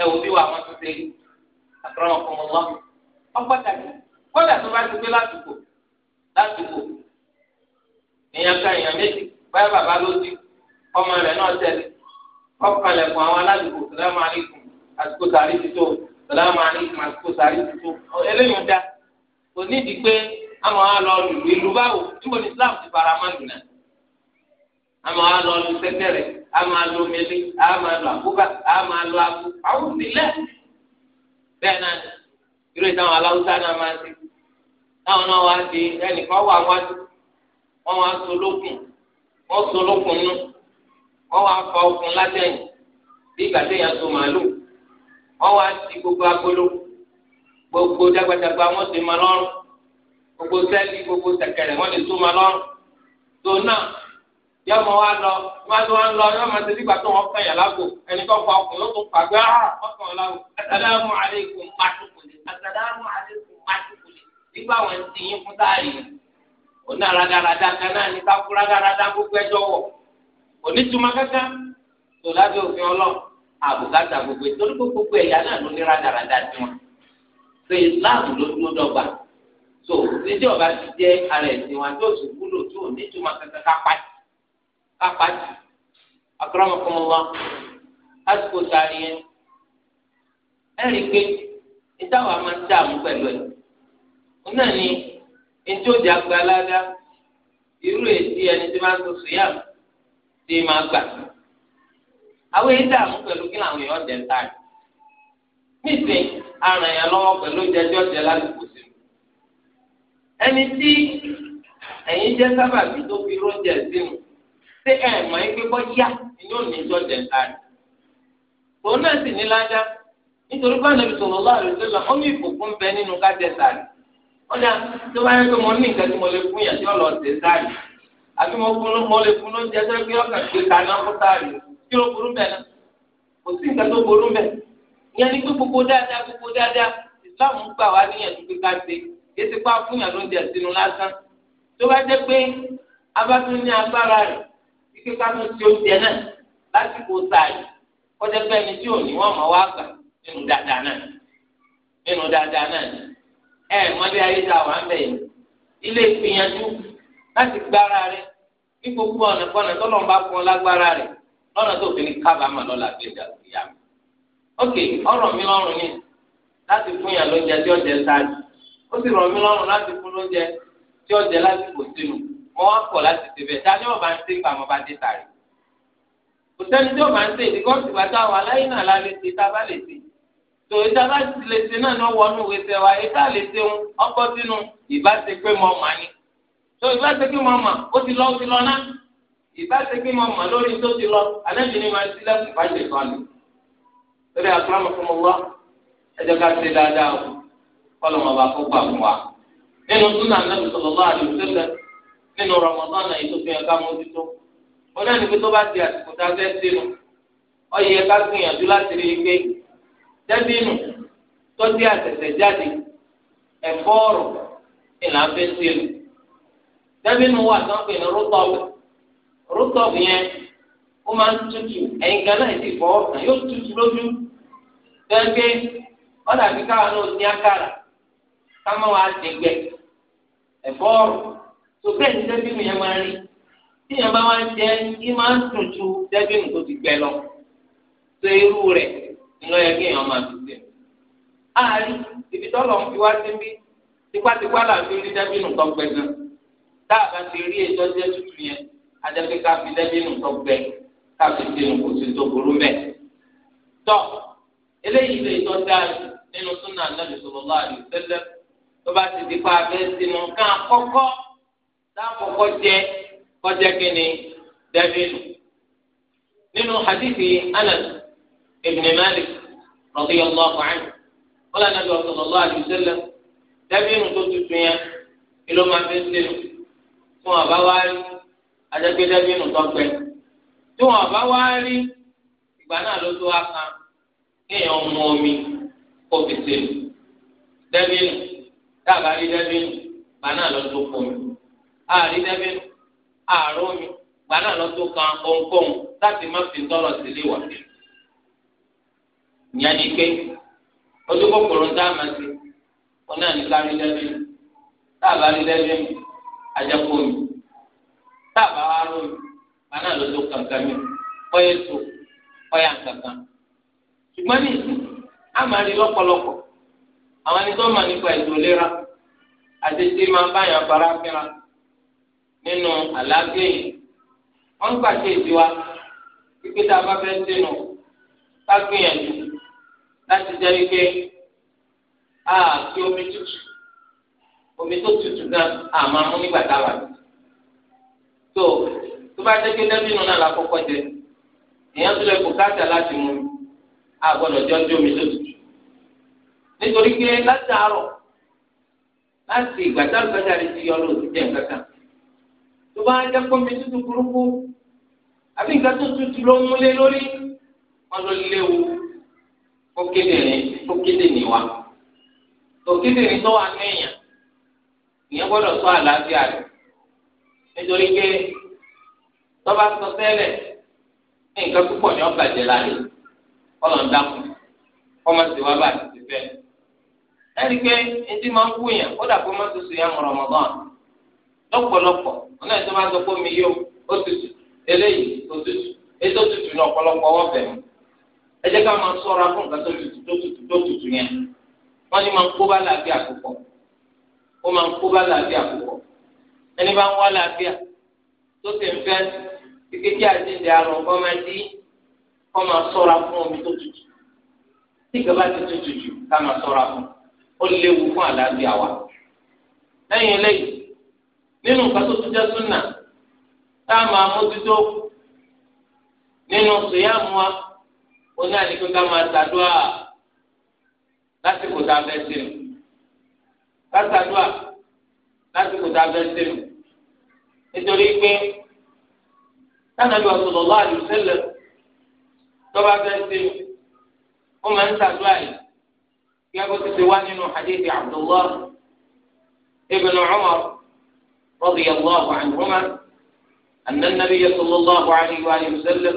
ẹ wò bí wà wọn tún ṣe rí àtúrọ̀ ọkùnrin lọ ọgbàtàkì kọ́kànlẹ̀ fún àwọn aládùúgbò sàlámù alaykum àsìkò sàárì ti sàlámù alaykum àsìkò sàárì ti eléyìí ń da kò pé lùlù ìlú níbo ni Islam ti fara máa dùn náà àmọ́ á lọ lu sẹ́kẹ̀rẹ̀ àmọ́ á lọ lọ àbúgbà àmọ́ á àbú àwọn náà aláwùsá náà máa táwọn wọ́n wá fa okùn látẹ̀yìn bí ìgbà téèyàn so màálù wọ́n wá ti gbogbo agolo gbogbo dàgbàdàgbà wọ́n ti ma lọ́rùn gbogbo sẹ́ẹ̀lì gbogbo sẹ̀kẹ̀rẹ̀ wọ́n ti so ma lọ́rùn tó náà yọ mọ wa lọ wọ́n ti wọ́n lọ yọ mọ ti dìgbà tó wọ́n kàn yàn lágbo ẹni tó fa okùn ló tún pàgbé ah, ọkàn lágbo asàlámù aleykum mátukùlé asàlámù aleykum mátukùlé nígbà wọn ti yín fún táàrí òun náà kan náà ní káfú rádaràdà gbogbo ẹjọ́ wọ̀ onítùmọ̀ kankan tó lábẹ́ òfin ọlọ́ àbùkátà gbogbo ìtọ́jú gbogbo ẹ̀yà náà ló ní rádaràda tí wọn so Islam ló dúró dọ́gba so níjẹ́ ọba ti jẹ́ ara ẹ̀sìn wọn tó sì wúlò tó onítùmọ̀ kankan kápájì kápájì akọ́rọ́mọkọ́mọ́wá àsìkò sáré yẹn ẹ̀rí pé ìtawà máa ń dààmú pẹ̀lú ẹ̀ wọn náà ni ntí ó di agbára ládàá irú èsì ẹni tí wọn á tó sùn yàrá tí máa gbà àwọn èyí dààmú pẹ̀lú kí làwọn èèyàn jẹ táyì nísìnyí aràn yẹn lọ́wọ́ pẹ̀lú jẹjọ́ jẹ lásìkò sí i ẹni tí ẹ̀yin jẹ́ sábàbí tó fi róúnjẹ sínú ṣé ẹ̀ mọ̀ ẹ́ pé bọ́ yá ni yóò ní jọ jẹ táyì òun náà sì ní ládá nítorí bá nàbì sọ̀rọ̀ lọ́wọ́ àlùsọ lọ ọmọ ìfòkún bẹ nínú kájẹ táyì ọ̀dà tó bá yẹ kó mo ní nǹkan tí mo lè fún yàtí ọ̀lọ́ọ̀tẹ̀ àbí mo kunu mo lè kunu jẹ sẹ kí ọkàn gbé kaná kúta rè kí ló burú bẹ náà kò sí nǹkan tó burú bẹ ìyẹn ní pé gbogbo dáadáa gbogbo dáadáa Islam gbà wá níyànjú pé ká ṣe kéṣe pa fúnyàn ló ń jẹ sínú lásán tó bá jẹ pé abátún ní agbára rẹ kíkẹ́ ká tún ti oúnjẹ náà lásìkò sáàyè kọjá pé ẹni tí ò ní wọn mọ wá gbà nínú dáadáa náà nínú dáadáa náà ẹ mọdé ayé tá wà ń bẹ yìí ilé ìgbìyànjú láti gbára rẹ kí gbogbo ọ̀nà kọ́nà tọ́lọ̀ ń bá fún ọ lágbára rẹ lọ́nà tó fi ní kábàámà lọ́la gbẹ̀dà ìyá mi. ok ọ̀rọ̀ mi lọ́rùn ni láti fún yàn lóúnjẹ tí ọ̀jẹ̀ sáájú ó sì rọ̀ mí lọ́rùn láti fún lóúnjẹ tí ọ̀jẹ̀ lásìkò sínú mo wá pọ̀ láti ṣe bẹ́ẹ̀ dání ọ̀bá ń ṣe ìgbà mo bá dé tàrí. kò sẹ́ni tí ọ̀bá ń ṣe ìdíkọ́ ìgbà tá a wà láyé náà la a bá lè ṣe tò ìta bá lè tó ìbá ṣe kí mo mọ̀ ó ti lọ ó ti lọ náà ìbá ṣe kí mo mọ̀ lórí tó ti lọ anábì ni màá ti lẹ́kùn bá ṣe sọ ni. lórí àkùrámù fún mi wá ẹjọ́ ká ṣe dáadáa o kọ́lọ̀ wọn bá kó gbà fún wa. nínú súnà anábì sọ̀rọ̀ bá àdìo tẹ́lẹ̀ nínú rọmọdánà yìí tó fi hàn ká mójútó. mo náà ní pé tó bá di àsìkò tá a fẹ́ sínú ọ yẹ ká gbìyànjú láti rí i pé dẹ́bínú tó dé àtẹ̀tẹ̀ jáde ẹ̀fọ́ ọ̀rọ̀ ìlànà dẹ́bínú wà tó ń pè rútọ́ọ̀bù rútọ́ọ̀bù yẹn ó máa ń tutù ẹ̀yin gan náà ti fọ́ ọ̀sán yóò tutù lójú dẹ́gbẹ́ ọ̀dà bí káwọn náà ní káwọn wà á ẹ̀fọ́ yẹn máa rí tí yẹn bá jẹ́ máa ń tutù tó ti gbẹ lọ tó irú rẹ̀ ńlọ máa ibi tọ́lọ̀ ń fi wá tipátipá làbí dáàbà ti rí ètò ọjọ́ tuntun yẹn adẹ́pẹ́ ká fi dẹ́bínú tó gbẹ ká fi sínú kò sí tó burú mẹ́. tọ́ eléyìí lè tọ́ dáa nínú súnà Ànábì sallallahu alaihi wasallam tó bá ti di pa abẹ́ sínú nǹkan àkọ́kọ́ dáàkọ́kọ́ jẹ kọjá kínní dẹ́bínú. nínú hadithi Anas ibn Malik radiyallahu anhu wọ́n lànà Ànábì sallallahu alaihi tó tuntun yẹn ìlú máa fi sínú tí wọn bá wá rí adẹ́gbẹ́dẹ́ bínú tọ́gbẹ tí wọn bá wá rí ìgbà náà ló tó wá kan kéèyàn mú omi kó fi ṣe dẹ́bínú dábàá rí dẹ́bínú ìgbà náà ló tó kọ́ mi àrí dẹ́bínú àrò mi ìgbà náà ló tó kan ohunkóhun láti má fi tọ́lọ̀ sílé wà. ìyá ni pé ojú kòkòrò ń dá màá sí wọn náà ní ká rí dẹ́bínú dábàá rí dẹ́bínú ajẹ́kọ̀ọ́ mi táàbà wa lóyún kaná ló tó kankan mi ọyẹ tó ọyà kankan ṣùgbọ́n ní ìsìn àmà ni lọ́pọ̀lọpọ̀ àwọn ẹni tó mà nípa ètò ìlera àti tí máa bá yàn fara fínra nínú àlàáfíà yìí wọ́n gbàṣẹ ìdíwá pípé tá a bá fẹ́ sínú ká gbìyànjú láti jẹ́ wípé a kí omi tútù omi tó tútù gan àmọ́ amúnigbàtà wà ní tó tó bá jẹ́ pé dẹ́bìnú náà la kọ́kọ́ jẹ èèyàn tó lè kó káàtà láti mú àgbọ̀dọ̀ jọ ń jó mi lóṣù nítorí pé láti àárọ̀ láti ìgbà tá a gbàdá rẹ ti yọ lọ sí jẹ nǹkan kan tó bá jẹ́ pé mi tútù burúkú àbí nǹkan tó tútù ló ń múlé lórí wọn ló léwu kó kíndìnrín kó kíndìnrín wa tó kíndìnrín tó wà ní èèyàn ìyẹn gbọ́dọ̀ tó àlàáfíà rẹ̀ nítorí pé tọ́ba sọ tẹ́lẹ̀ ní nǹkan púpọ̀ ní ọ̀bàjẹ́ láàyè kọ́lọ̀ ń dákun kọ́mọ sí wa bá ti fẹ́. ẹ̀rí pé etí máa ń kú yàn ó dàbí ọmọ tuntun yẹn mọ̀ Ramadan lọ́pọ̀lọpọ̀ ọ̀nà ìtọ́ bá sọ pé omi yóò ó tutù eléyìí ó tutù ètò tutù ní ọ̀pọ̀lọpọ̀ wọ́n fẹ̀ mí. ẹ jẹ́ ká máa sọ́ra fún nǹkan tó tutù tó tutù tó tutù yẹn wọ́n ní máa ń kó bá làbí àkùkọ ó máa ń kó bá làbí àkùkọ ẹni bá ń wá làáfíà tó sì ń fẹ́ kíkẹ́ kí àjíǹde àrùn kọ́ máa dí kọ́ máa sọ́ra fún omi tó tutù tí ìgbà bá ti tutù jù ká máa sọ́ra fún ó léwu fún àlàáfíà wa. lẹ́yìn eléyìí nínú nǹkan tó tún jẹ́ súnà tá a máa mójútó nínú sùyàmù wa oní àdìgbò ká máa tàdúrà lásìkò tá a fẹ́ sínú. ká tàdúrà lásìkò tá a fẹ́ sínú nítorí pé sanabi sallallahu alaihi wasallam tọba fẹẹ ṣe ó máa ń ṣàdúrà yìí kí ẹkọ ti ṣe wá nínú hadithi abdullah ibn umar radiyallahu anhuma anna nabiyya sallallahu alaihi wa sallam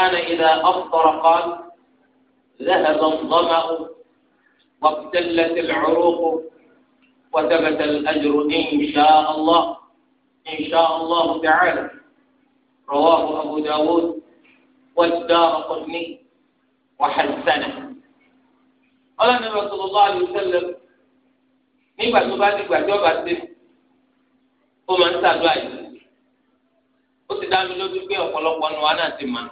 كان إذا أفطر قال ذهب الظمأ وابتلت العروق وثبت الأجر إن شاء الله إن شاء الله تعالى رواه أبو داود والدار قرني وحسنه قال النبي صلى الله عليه وسلم nígbà tó bá dìgbà tí ọba ṣe ó máa ń ṣàdúrà yìí ó ti dá mi lójú pé ọ̀pọ̀lọpọ̀ nu wa náà ti mà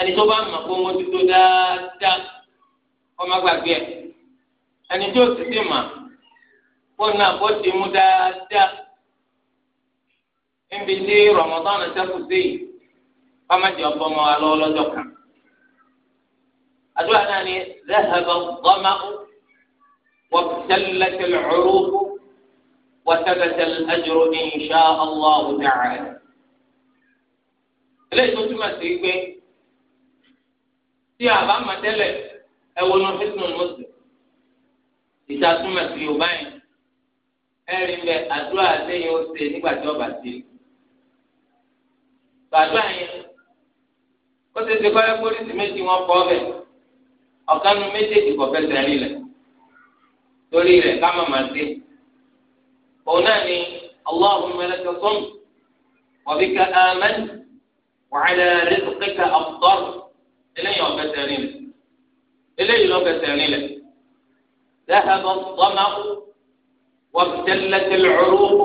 ẹni tó bá mọ̀ pé wọ́n ti tó dáadáa kó ẹ̀ ẹni tó sì ti mà kó náà kó ti mú dáadáa níbi tí rọmọdánù sẹ́kù sí yìí kọ́mẹ́jì ọ̀bọ ọmọ wa lọ́wọ́ lọ́jọ́ kan. àdúrà náà ni zahaba gbọ́máwó wàtẹ́lẹ́tẹ́ lọ́rùkú wàtẹ́lẹ́tẹ́ lẹ́jọ́rọ́ insha allah ta'ala. eléyìí tó túmọ̀ sí pé tí a bá mọ̀ tẹ́lẹ̀ ẹ wọnú hisnul muslim ìta túmọ̀ sí yorùbá yẹn ẹ̀rí àdúrà gbàdúrà yẹn ó ti ti kọ́lé pólísì méjì wọn kọ́ ọbẹ̀ ọ̀kanu méjèèjì kọ̀ fẹsẹ̀ rí lẹ̀ torí rẹ̀ ká má máa dé òun náà ni allahumma laka sọ́mù wa bika amantu wa ala rizqika aftartu eléyìí ọ̀fẹ́ sẹ́rin lẹ̀ eléyìí lọ́fẹ́ sẹ́rin lẹ̀ ذهب الظمأ وابتلت العروق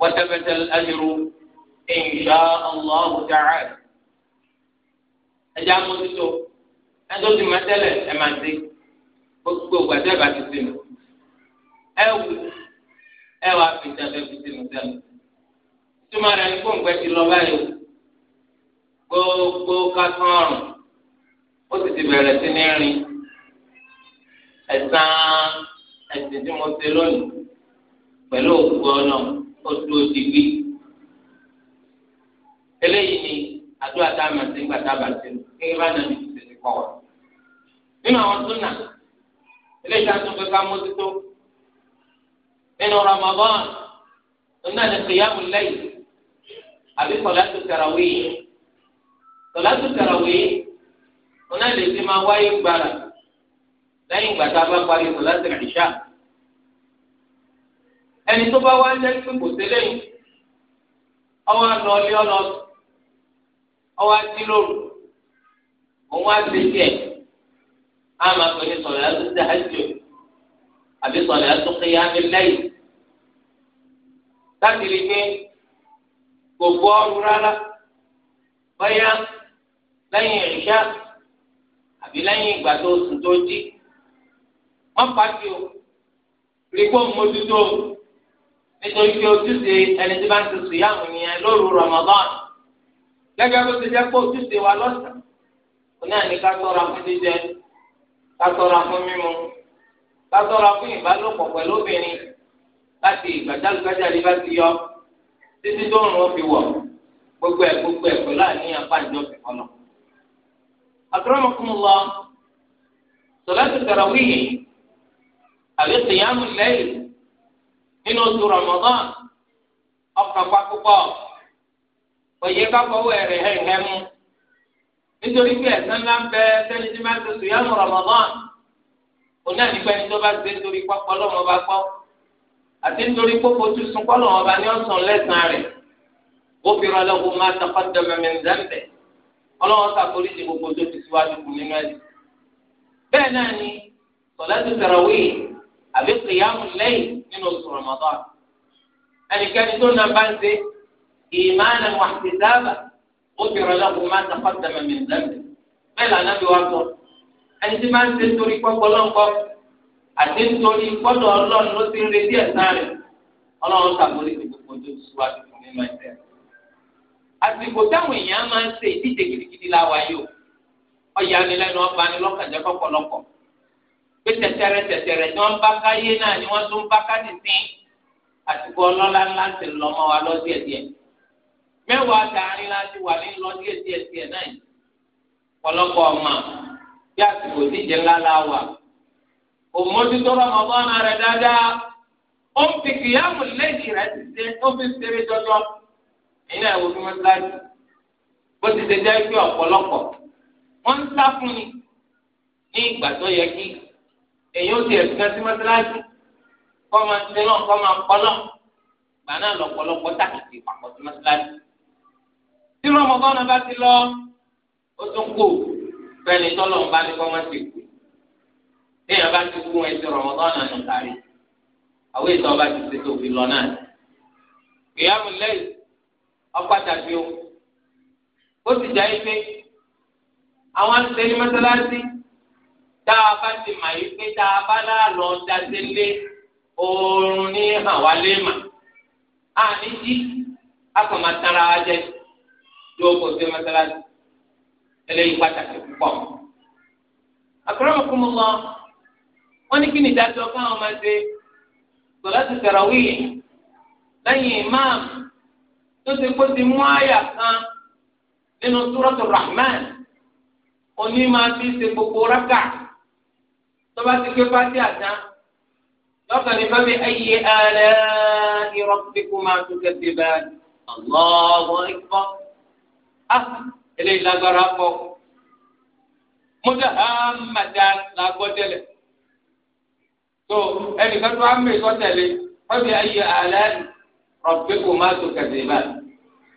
وثبت الأجر insha Allah ta'ala ẹjẹ amójútó ẹjọ ti máa tẹlẹ ẹ máa dé gbogbo gbàdé bá ti sinmi ẹ wù ẹ wà fi ìdájọ fi sinmi sẹnu túmọ̀ rẹ̀ ní kó nǹkan ti lọ báyìí gbogbo kásán ọ̀rùn ó sì ti bẹ̀rẹ̀ sí ní rìn ẹ̀sán ẹ̀sìn tí mo ṣe lónìí pẹ̀lú òkú ọ̀nà ó dúró digbí eléyìí ni àdúrà tá a máa ṣe nígbà tá a bá ṣe kékeré bá nàbí ti tẹ̀lé kọ́ wa. nínú àwọn súnà eléyìí tá a tún fẹ́ ká mójútó nínú Ramadan súnà ní kìyàmù lẹ́yìn àbí sọ̀látù tarawih sọ̀látù tarawih súnà lè ti máa wáyé gbára lẹ́yìn ìgbà tá a bá parí sọ̀látù ìṣá ẹni tó bá wá jẹ́ pé kò sí lẹ́yìn ọwọ́ àlọ́ ọlẹ́ ọlọ́sùn ọwọ́ àti lóru òun àti tiẹ̀ á máa pè ní sọ̀rọ̀ yàtọ̀ dáhàjò àbí sọ̀rọ̀ yàtọ̀ kéyàmí lẹ́yìn láti rí i pé kò bọ́ ọ́rùn rárá bóyá lẹ́yìn ìṣá àbí lẹ́yìn ìgbà tó sùn tó jí wọ́n pàṣẹ o rí i pé òun o nítorí pé ojúṣe ẹni tí bá ń tutù yá àwọn ènìyàn lóru Ramadan gẹ́gẹ́ bó ti jẹ́ pé ojúṣe wa lọ́sàn án náà ní ká tọ́ra fún jíjẹ ká tọ́ra fún mímu ká tọ́ra fún ìbálòpọ̀ pẹ̀lú obìnrin láti ìgbàjálùkájàlì bá ti yọ títí tó ń fi wọ̀ gbogbo ẹ̀ gbogbo ẹ̀ pẹ̀lú àníyàn pàjọ́ fìfọ́nà. akramakumullah salatu tarawih àbí qiyamul layl nínú oṣù Ramadan ọkàn pápúpọ̀ òye káfọwọ́ ẹ̀rẹ̀ hẹ̀hẹ̀ mu nítorí pé ẹ̀sán ńlá ń bẹ sẹ́ni tí máa ń tó sùúyà mú Ramadan òun náà nípa ẹni tó bá gbé torí pápá ọlọ́mọ bá gbọ́ àti nítorí pópó tó sun kọ́ lọ́mọ bá ní ọ̀sán lẹ́sàn-án rẹ̀ ó fi rọlẹ́ kó máa tọkọ́ dẹ́mẹ̀mẹ̀ ńdẹ́mbẹ̀ ọlọ́wọ́n sàkóríjì gbogbo tó ti síwájú kù nínú ẹ̀sìn. bẹ́ẹ̀ náà ni sọ̀lẹ́tù tarawih àbí kìyàmù lẹ́yìn nínú oṣù Ramadan إيمانا واحتسابا غفر له ما تقدم من ذنبه bẹ́ẹ̀ lànà bí wàá sọ ẹni tí máa ń ṣe nítorí pọ́pọ́lọ́ńkọ́ àti nítorí gbọ́dọ̀ ọlọ́run ló ti ń retí ẹ̀san rẹ̀ ọlọ́run tàbórí ti gbogbo tó síwájú fún nínú ẹ̀ṣẹ̀ rẹ̀. àsìkò táwọn èèyàn máa ń ṣe ìdíje gidigidi láwa yìí o ọ̀yà ni lẹ́nu ọba ni lọ́kànjẹ́ pọ́pọ́lọ́kọ̀ pé tẹ̀tẹ̀rẹ̀ tẹ̀tẹ̀rẹ̀ ni wọ́n bá káyé náà ni wọ́n tún bá ká nìsín àsìkò ọlọ́lá ńlá ti lọ́mọ wa lọ́ díẹ̀díẹ̀ mẹ́wàá dàárín láti wà ní lọ díẹ̀ díẹ̀ díẹ̀ náà yìí ọmọ bí la wà òmójútó Ramadan rẹ̀ dáadáa ó ń fi kìyàmù lẹ́yìn rẹ̀ ti ṣe ó fi ṣeré jọjọ nínú ẹ̀wọ̀ bó ti ṣe jẹ́ pé ọ̀pọ̀lọpọ̀ wọ́n ń sá fún ni ní ìgbà tó yẹ kí èyí ó ti ẹ̀sìn ẹtí mọ́tíláṣí kọ́ máa ń ṣe náà kọ́ máa ń kọ́ náà gbà náà tí rọmọdún náà bá ti lọ ó tún kù bẹ́ẹ̀ni tọ́lọ̀ ń bá ní kọ́ wọ́n ti kù bí èèyàn bá ti kú wọn ti rọmọdún náà nù kárí àwọn ètò ọba ti ṣe tó fi lọ náà kìyàmù lẹ́yìn ọpàtàkì o ó ti jà ife àwọn àṣìṣe ní mọ́sálásí tá a bá ti mà yí pé tá a bá náà lọ dáṣe lé oorun ní hàn mà á ní jí a kò máa tara jẹ tó o kò sí mọ́sálásí eléyìí pàtàkì púpọ̀. àkùrọ̀mọ̀ kún mi lọ wọ́n ní kí ni ìdájọ́ káwọn máa ṣe sọ̀láṣí tàràwíì lẹ́yìn imáàmù tó ti kó ti mú àyà kan nínú túrọ́tù rahman oní máa ti ṣe gbogbo rákà tó bá ti gbé pátí àtàn lọ́kàn ní bábí ayé ààrẹ ìrọ̀pẹ́kù máa tún kẹ́sì báyìí. Allahu Akbar á ah, eléyìí lágbára pọ̀ mùtàhámàdà làgbọ́tẹ̀lẹ̀ tó ẹnìkan tó á mè sọ́tẹ̀lẹ̀ ọ̀bẹ ayé àlẹ́ rọ̀bì kò má tó kẹsẹ̀ báyìí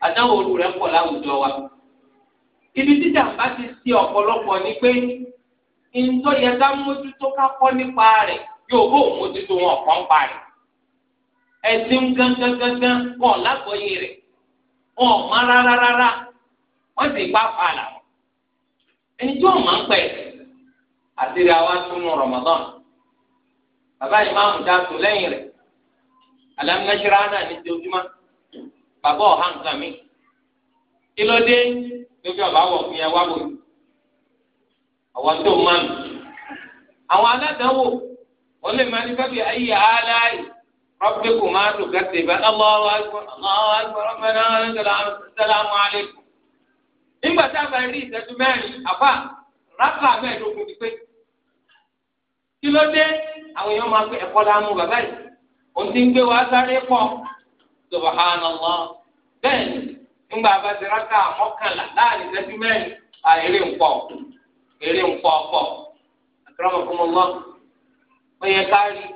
àtàwọn olú rẹ̀ pọ̀ láwùjọ wa ibi tí jàmbá ti sí ọ̀pọ̀lọpọ̀ ni pé ìtọ́ yẹ ká mójútó ká kọ́ nípa rẹ̀ yóò bó mójútó wọn kàn pa rẹ̀ ẹ̀sìn gángangangan wọn lágbọ́yé rẹ̀ wọn ò má wọ́n sì pa fàlà ẹni tí wọ́n máa ń pẹ̀ àtìrí àwa túnú Ramadan bàbá ìmáàmù dáàtò lẹ́yìn rẹ̀ alámínáṣírá náà ní ojoojúmọ́ bàbá ọ̀hán nǹkan mi kí ló dé lójú ọ̀bá wọ̀ fún yẹn wá wò yìí àwọn tó máa mi àwọn aládàáwò lè máa ní fẹ́bi ayé rọ́bìkù máa dùn nígbà tá a bá rí ìṣẹ́jú mẹ́rin àbá rákà mẹ́ẹ̀ẹ́dógún pé kí ló dé àwọn èèyàn máa gbé ẹ̀kọ́ bàbá yìí òun ti ń gbé wa sáré pọ̀ bẹ́ẹ̀ nígbà bá ti rákà mọ́kànlá láàrin mẹ́rin ńpọ̀ ńpọ̀ pọ̀ ó yẹ ká rí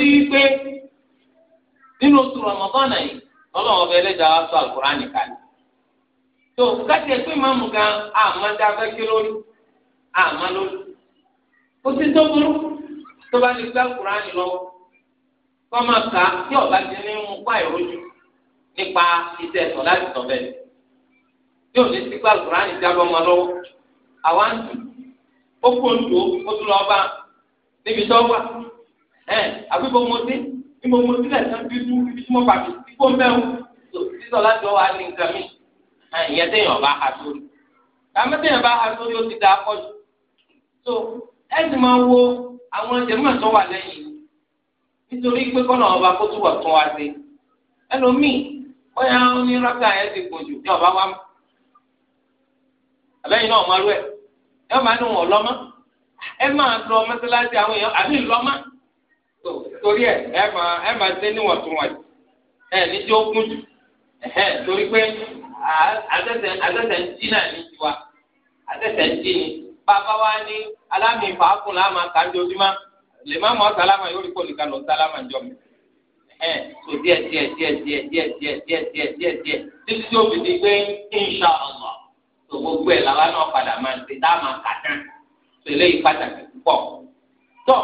lè gbé nínú oṣù rọmọbọ́nà yìí ọlọ́run ọbẹ̀ ẹlẹ́dàá wá sọ àlùkùránì kalẹ̀ tó káṣíẹ pé màmú gan àmọ́dá fẹ́kí lórí àmọ́ lórí ó ti tó burú tó bá lè gbá lọ kọ́ máa kà tí ọ̀gá ti ní mú pa ìrójú nípa iṣẹ́ ẹ̀sọ́ láti tí ò ní sí lọ́wọ́ àwa ń ó kó ń ó tún lọ́ọ́ bá ní mo mo sílẹ̀ tán bí dú ibi tí mo pàdé tí kò mẹ́wù sísọ láti ọwọ́ àti nǹkan mi ìyẹn téèyàn bá ha sórí kàmí téèyàn bá ha sórí ó ti da akọ́jú so ẹ sì máa wo àwọn jẹ̀mọ̀ tó wà lẹ́yìn nítorí pé kọ́nà ọba kó túbọ̀ tún wá sí ẹlòmíì bóyá ó ní rákà yẹn ti gùn jù ní ọba wa mọ́ àbẹ́yìn náà mọ́rú ẹ̀ ẹ máa ní wọn lọ́mọ́ ẹ máa lọ mọ́sálásí àwọn èèyàn àbí ìlọ́mọ́ torí ẹ ẹ máa ẹ máa ṣe níwọ̀ntúnwọ̀n ẹ ní tí ó kún jù torí pé àtẹ̀tẹ̀ àtẹ̀tẹ̀ ń jí náà ní tiwa àtẹ̀tẹ̀ ń jí ni bàbá wa ní alámì ìfàákùn láàmà kájọjúmọ́ lè má mọ́ sálámà yóò rí kòlìkà lọ sálámà jọ mi ẹ tó díẹ̀ díẹ̀ díẹ̀ díẹ̀ díẹ̀ díẹ̀ díẹ̀ díẹ̀ díẹ̀ díẹ̀ títí tí ó fi di pé insha allah tó gbogbo ẹ̀ làwa náà padà máa ń ṣe tá a máa kà tán tó eléyìí pàtàkì púpọ̀ tó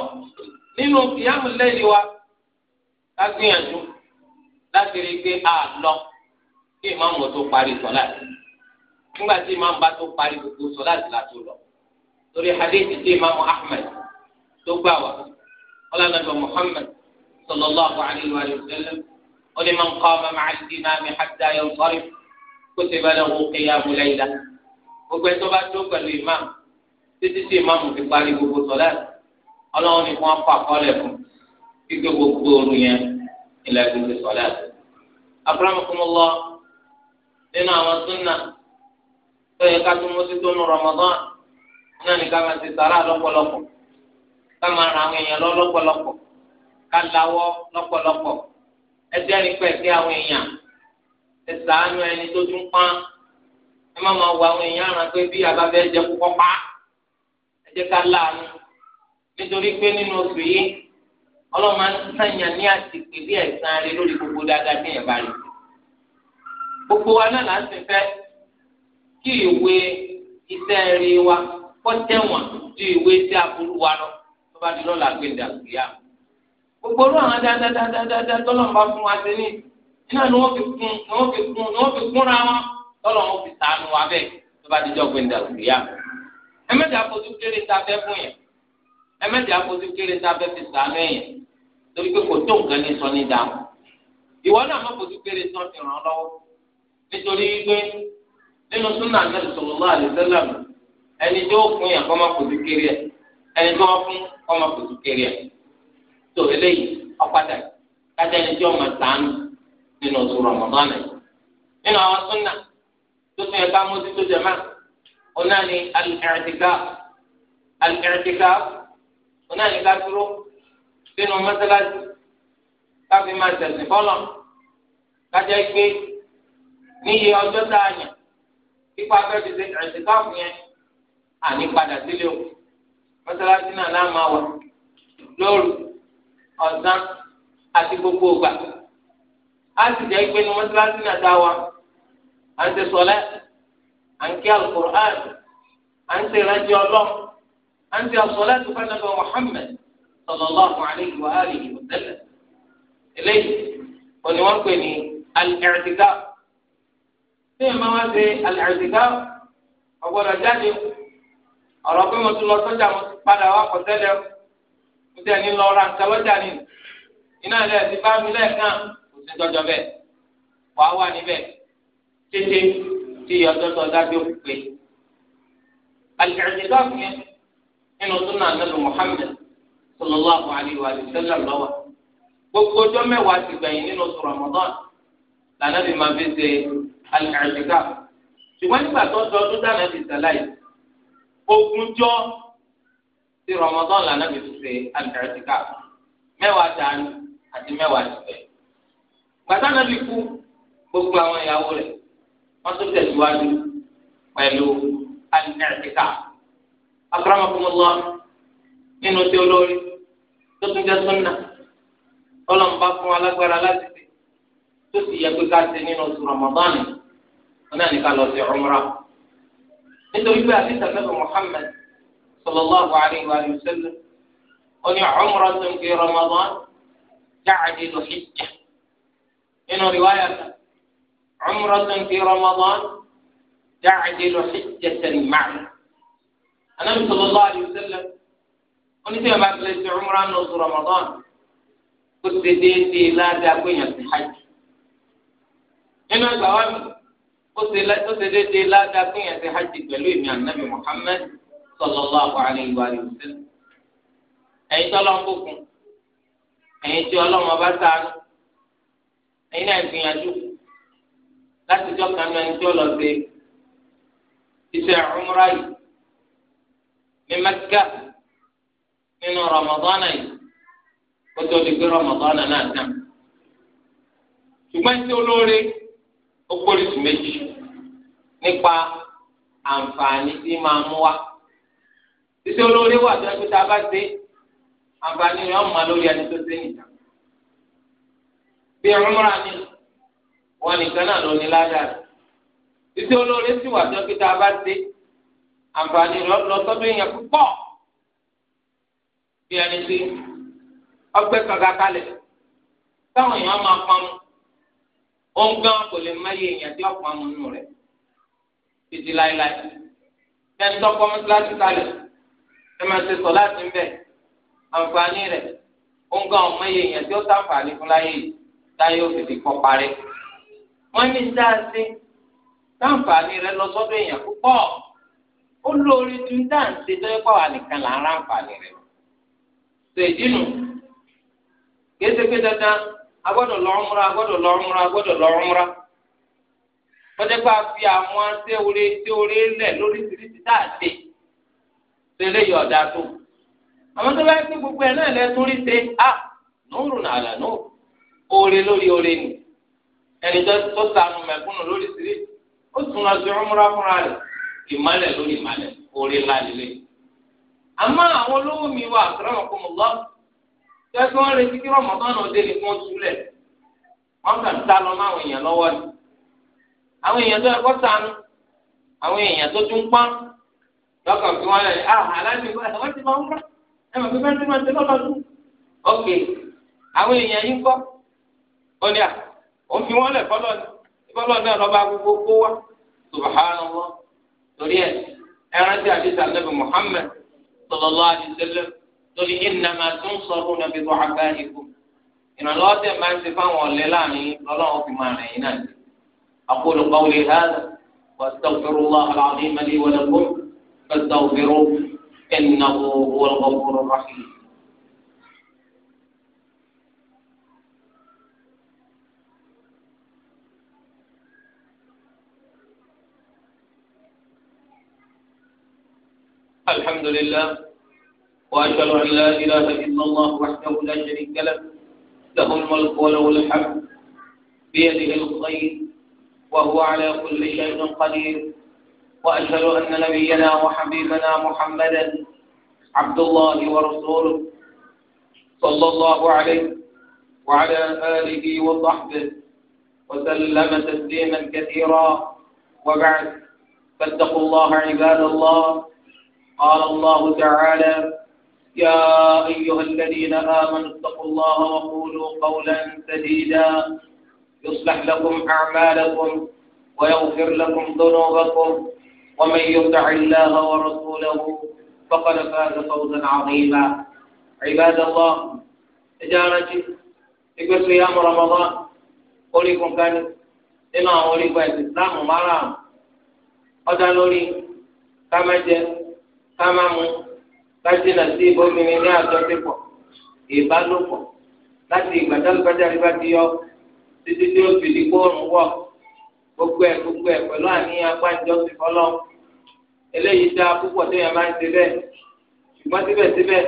nínú ya lẹ́yìn wa ká gbìyànjú láti rí i pé a lọ kí ìmáàmù tó parí sọ́lá nígbà tí ìmáàmù bá tó parí gbogbo sọ́lá láti lọ torí hadith tí ìmáàmù Ahmad tó gbà wá ọlọ́nàbẹ̀ Muhammad sallallahu alayhi wa sallam ọdẹ máa ń kọ́ ọmọ di máa mi kó ti bá lọ́wọ́ gbogbo ẹ̀ tó bá tó pẹ̀lú ìmáàmù títí tí ìmáàmù parí gbogbo ọlọ́run ni wọ́n fà kọ́lẹ̀ fún gbígbé gbogbo ooru yẹn ilẹ̀ gbèsè sọ̀lẹ̀. abrahamu kumulọ nínú àwọn súnà tó yẹ ká tún mójútó nu Ramadan náà ní ká máa ti sàrà lọ́pọ̀lọpọ̀ ká máa ra àwọn èèyàn lọ lọ́pọ̀lọpọ̀ ká lawọ́ lọ́pọ̀lọpọ̀ ẹjẹ́ ní pẹ̀ kí àwọn èèyàn ti sàánú ẹni tó tún pọ́n ẹ má máa wọ àwọn èèyàn àrùn pé bí abáfẹ́ jẹ kókó pa ẹjẹ́ ká láàánú nítorí pé nínú oṣù yìí ọlọ́run máa ń sànyà ní àtìpé bí ẹ̀sán rẹ lórí gbogbo dáadáa ní ẹ̀bá rẹ. gbogbo wa náà láti fẹ́ kí ìwé iṣẹ́ rẹ wa kọ́ tẹ̀wọ̀n ju ìwé iṣẹ́ aburú wa lọ tó bá di lọ́la gbé dàgbéyà. gbogbo olú àwọn dáadáa tọ́lọ́run bá fún wa ṣe ní iná ni wọ́n fi kún ni wọ́n fi kún ni wọ́n fi kúnra wọn tọ́lọ́run fi sànù wa bẹ́ẹ̀ tó bá di lọ́gbẹ̀dàgbéyà. ẹ mẹ́ta fojú kéré ta fẹ́ fún yẹn. ẹmẹtì àkóso kéré tá a fẹ́ fi sànú ẹ̀yìn torí pé kò tó nǹkan ní sọ ní dáhùn ìwọ náà má kóso kéré tó ti ràn lọ́wọ́ nítorí pé nínú súnà ẹni fún yàn má kéré ẹni fún má kéré tó eléyìí kájà ẹni sànú nínú oṣù nínú àwọn súnà tó ká jẹ ọ náà ni wọn náà ní ká dúró sínú mọ́sálásí káfí máa tẹ̀sìn bọ́lọ̀ kájá gbé níye ọjọ́ tá a yàn pípa fẹ́ fi ṣe ẹ̀sìnkáàfù yẹn àní padà sílé o mọ́sálásí náà náà máa wà lóru ọ̀sán àti gbogbo ògbà á sì jẹ́ pé ní mọ́sálásí náà dá wa à ń ṣe sọlẹ́ à ń kí أنت الصلاة فنبى محمد صلى الله عليه وآله وسلم إليه ونوقني الاعتكاف فيما هذا الاعتكاف أقول جاني ọ̀rọ̀pẹ́ mo tún lọ sọ́jà mo ti padà wá kọ́ tẹ́lẹ̀ mo tẹ̀ ní lọ ra nǹkan lọ́jà ni iná ilẹ̀ ti bá mi lẹ́ẹ̀kan kò sí jọjọ bẹ́ẹ̀ wàá wà níbẹ̀ tètè tí ìyọ̀dọ́tọ̀ dájú pé alẹ́ ìdílé ọ̀gbìn nínú súnà nàbì Muhammad sallallahu alayhi wa sallam lọ́wọ́ gbogbo ọjọ́ mẹ́wàá ti gbẹ̀yìn nínú oṣù Ramadan lànàbì máa fi ṣe alìkàrìkà ṣùgbọ́n nígbà tó ń dọdún dáná ti sàlàyé ogúnjọ́ ti Ramadan lànàbì fi ṣe alìkàrìkà mẹ́wàá dání àti mẹ́wàá ti gbẹ̀yìn gbàtà nàbì kú gbogbo àwọn ìyàwó rẹ̀ wọ́n tún tẹ̀síwájú pẹ̀lú alìkàrìkà akramakumullah nínú tí olórí tó tún jẹ́ sunna ọlọ́mùbá fún alágbára láti ṣe tó sì yẹ pé ká ṣe nínú oṣù ramadani wọn náà ní ká lọ sí umra nítorí pé àdìsá nàbẹ muhammed sallallahu alayhi wa sallam ó ní umra tó ń fi ramadan jáde lọ hijja nínú riwaya kan umra tó ń fi ramadan jáde lọ hijja tẹ̀lé màá anabi sallallahu alaihi wasallam oníṣẹ́ bá tilẹ̀ ṣe umra nù oṣù ramadan kó ṣe déédéé ládàá pé yàn sí hajj nínú ẹgbàá wa mi ó ṣe déédéé ládàá pé yàn sí hajj pẹ̀lú ìmì anabi muhammed sallallahu alaihi wasallam ẹ̀yin tọ́lọ́ ń bùkún ẹ̀yin tí ọlọ́mọ bá sànù ẹ̀yin náà gbìyànjú láti jọ́ kan náà ń jọ́ lọ sí iṣẹ́ umra yìí ní mẹ́kà nínú rọmọdánà yìí kó tó di pé rọmọdánà náà tán ṣùgbọ́n tí olóore ó pólísì méjì nípa àǹfààní tí máa mú wa títí olóore wà tó ẹgbẹ́ tá a bá ṣe àǹfààní rẹ̀ ọ̀ma lórí ẹni tó ṣe nìta bí ọmọra ni wọn nìkan náà ló ní ládàá títí olóore sì wà tó ẹgbẹ́ tá a bá ṣe àǹfààní lọ́sọ́dún èèyàn púpọ̀ bí ẹni tí ọgbẹ́ kàkà kalẹ̀ táwọn èèyàn máa pọn mu òun gan kò lè má yé èèyàn tí wọ́n pọn mu nù rẹ̀ títí láéláé bẹ́ẹ̀ni tó pọn mọ́sálásí kalẹ̀ ẹ máa ṣe sọ láti ń bẹ̀ àǹfààní rẹ̀ òun gan ọmọ yé èèyàn tí ó sàǹfààní fún láyé láyé ó kọ́ parí wọ́n ní dáa sí sàǹfààní rẹ̀ lọ́sọ́dún èèyàn púpọ̀. ó lórí ju dáǹtẹ tó yẹ pàwọn nìkan là ń ra àǹfààní rẹ̀ tó ìdínú kéésèké dandan agbọ́dọ̀ lọ ọmúra agbọ́dọ̀ agbọ́dọ̀ wọ́n pa fi àwọn aṣẹ́wòrè aṣẹ́wòrè lẹ̀ lóríṣiríṣi dáàtẹ tó eléyìí ọ̀dà tó àwọn tó bá yẹ kí gbogbo ẹ̀ náà lẹ tún rí ṣe á nùrù nàlà nùrù oore lórí oore nì tó sànù ó ìmálẹ̀ lórí ìmálẹ̀ orí ńlá líle. àmọ́ àwọn olówó mi wà àtúrọ̀mọ̀ kó mo lọ tẹ́tí wọ́n retí kí rọ̀mọ̀tánù ọdẹ ni fún túlẹ̀ wọ́n kàn tá lọ máwọn èèyàn lọ́wọ́ ni. àwọn èèyàn tó ẹ̀kọ́ sànú àwọn èèyàn tó tún pọ́n lọ́kàn fi wọ́n lẹ̀ ah aláàbí wọ́n ti máa ń kọ́ ẹ̀ mọ̀ pé bẹ́ẹ̀ ti máa ti lọ́lọ́dún. ok àwọn èèyàn yìí ń kọ́ ó ní à òun fi wọ́n lẹ̀ fọ́lọ́ ní fọ́lọ́ náà lọ́ba gbogbo kó wá subhanallah torí ẹ ẹran tí a ti sàn lẹ́bi Muhammad sallallahu alaihi wasallam torí innama tunsaruna bi du'afaikum ìrànlọ́wọ́ tẹ̀ máa ń ṣe fáwọn ọ̀lẹ́ láàrin ọlọ́run fi máa rìn yín náà aqulu qawli hadha wastaghfirullaha al-azima li wa lakum fastaghfiruhu innahu huwal ghafurur rahim. الحمد لله وأشهد أن لا إله إلا الله وحده لا شريك له له الملك وله الحمد بيده الخير وهو على كل شيء قدير وأشهد أن نبينا وحبيبنا محمدا عبد الله ورسوله صلى الله عليه وعلى آله وصحبه وسلم تسليما كثيرا وبعد فاتقوا الله عباد الله قال الله تعالى يا أيها الذين آمنوا اتقوا الله وقولوا قولا سديدا يصلح لكم أعمالكم ويغفر لكم ذنوبكم ومن يطع الله ورسوله فقد فاز فوزا عظيما عباد الله إجارتي يقول صيام رمضان أوليكم كان إما أوليكم الإسلام ومرام أدى لوري كما جاء kámámú kájínà sí obìnrin ní àjọṣepọ̀ ìbálòpọ̀ láti ìgbà dálùbájà rí bá ti yọ títí tí ó fi di kóòrùn wọ̀ gbogbo ẹ̀ gbogbo ẹ̀ pẹ̀lú àníyàn agbájọ sí fọlọ́ eléyìí dá púpọ̀ tó yẹ máa ń ṣe bẹ́ẹ̀ ṣùgbọ́n síbẹ̀síbẹ̀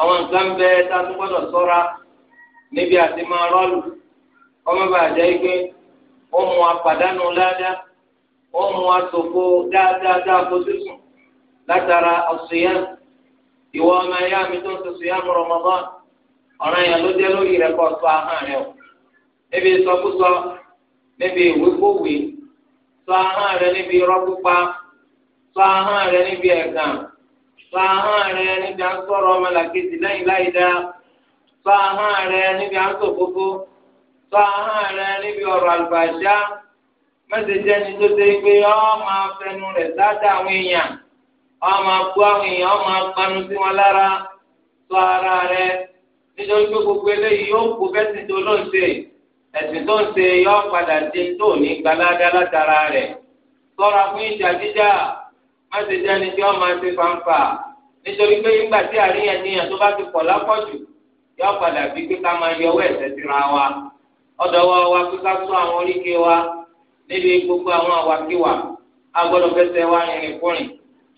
àwọn nǹkan bẹ tá a tún gbọ́dọ̀ ṣọ́ra níbi àti máa rọ́ọ̀lù kọ́mọ́ bàa jẹ́ pé ó mú apàdánù dáadáa ó mú asòfo dáadáa dáa fojú sùn. látara ọ̀sùnyẹ́m ìwọ ọmọ ẹ̀yà mi tó ń sọ sùnyẹ́m Ramadan ọ̀ràn yẹn ló jẹ́ lórí rẹ̀ kọ́ sọ ahọ́n rẹ̀ o níbi ìsọkúsọ níbi sọ ahọ́n rẹ̀ níbi irọ́ sọ ahọ́n rẹ̀ níbi ẹ̀gàn sọ ahọ́n rẹ̀ níbi asọ̀rọ̀ ọmọlàkejì lẹ́yìn sọ ahọ́n rẹ̀ níbi sọ ahọ́n rẹ̀ níbi ọ̀rọ̀ àlùbàṣá ọmọ agbó àwọn èèyàn ọmọ agbanu sí wọn lára tó ara rẹ nítorí pé gbogbo eléyìí yóò kó bẹ́sìn tó ló ṣe ẹ̀sìn tó ń ṣe padà dé tó ní gbalaga látara rẹ̀ sọ́ra fún ìjà jíjà má ṣe jẹ́ni tí wọ́n máa ṣe fanfa nítorí pé nígbà tí àríyànjiyàn tó bá ti pọ̀ lápọ̀jù padà bí máa ẹ̀sẹ̀ síra wa ọ̀dọ̀ wa wa wa níbi gbogbo wa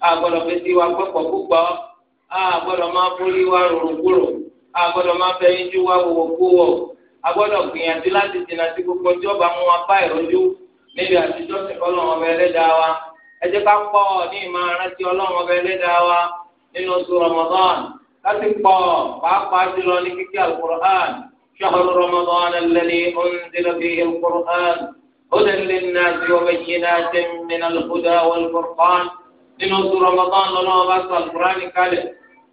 àgbọ̀dọ̀ fetí wa gbọ́pọ̀ púpọ̀ àgbọ̀dọ̀ máa borí wa rorokúrò àgbọ̀dọ̀ máa fẹ̀yìntì wa wòwò kúwò àgbọ̀dọ̀ gbìyànjú láti dènà sí gbogbo tí ọba mú wa bá ìrọ́jú níbi àtijọ́ sí ọlọ́run ọba ẹlẹ́dàá wa ẹ jẹ́ ká pọ̀ ní ìmọ̀ arántí ọlọ́run ọba ẹlẹ́dàá wa nínú oṣù Ramadan láti pọ̀ pàápàá jùlọ ní kíkí alukur'an شهر رمضان الذي أنزل فيه القرآن هدى للناس وبينات من الهدى والفرقان nínú oṣù Ramadan lọ́nà ọba sọ alukurani kalẹ̀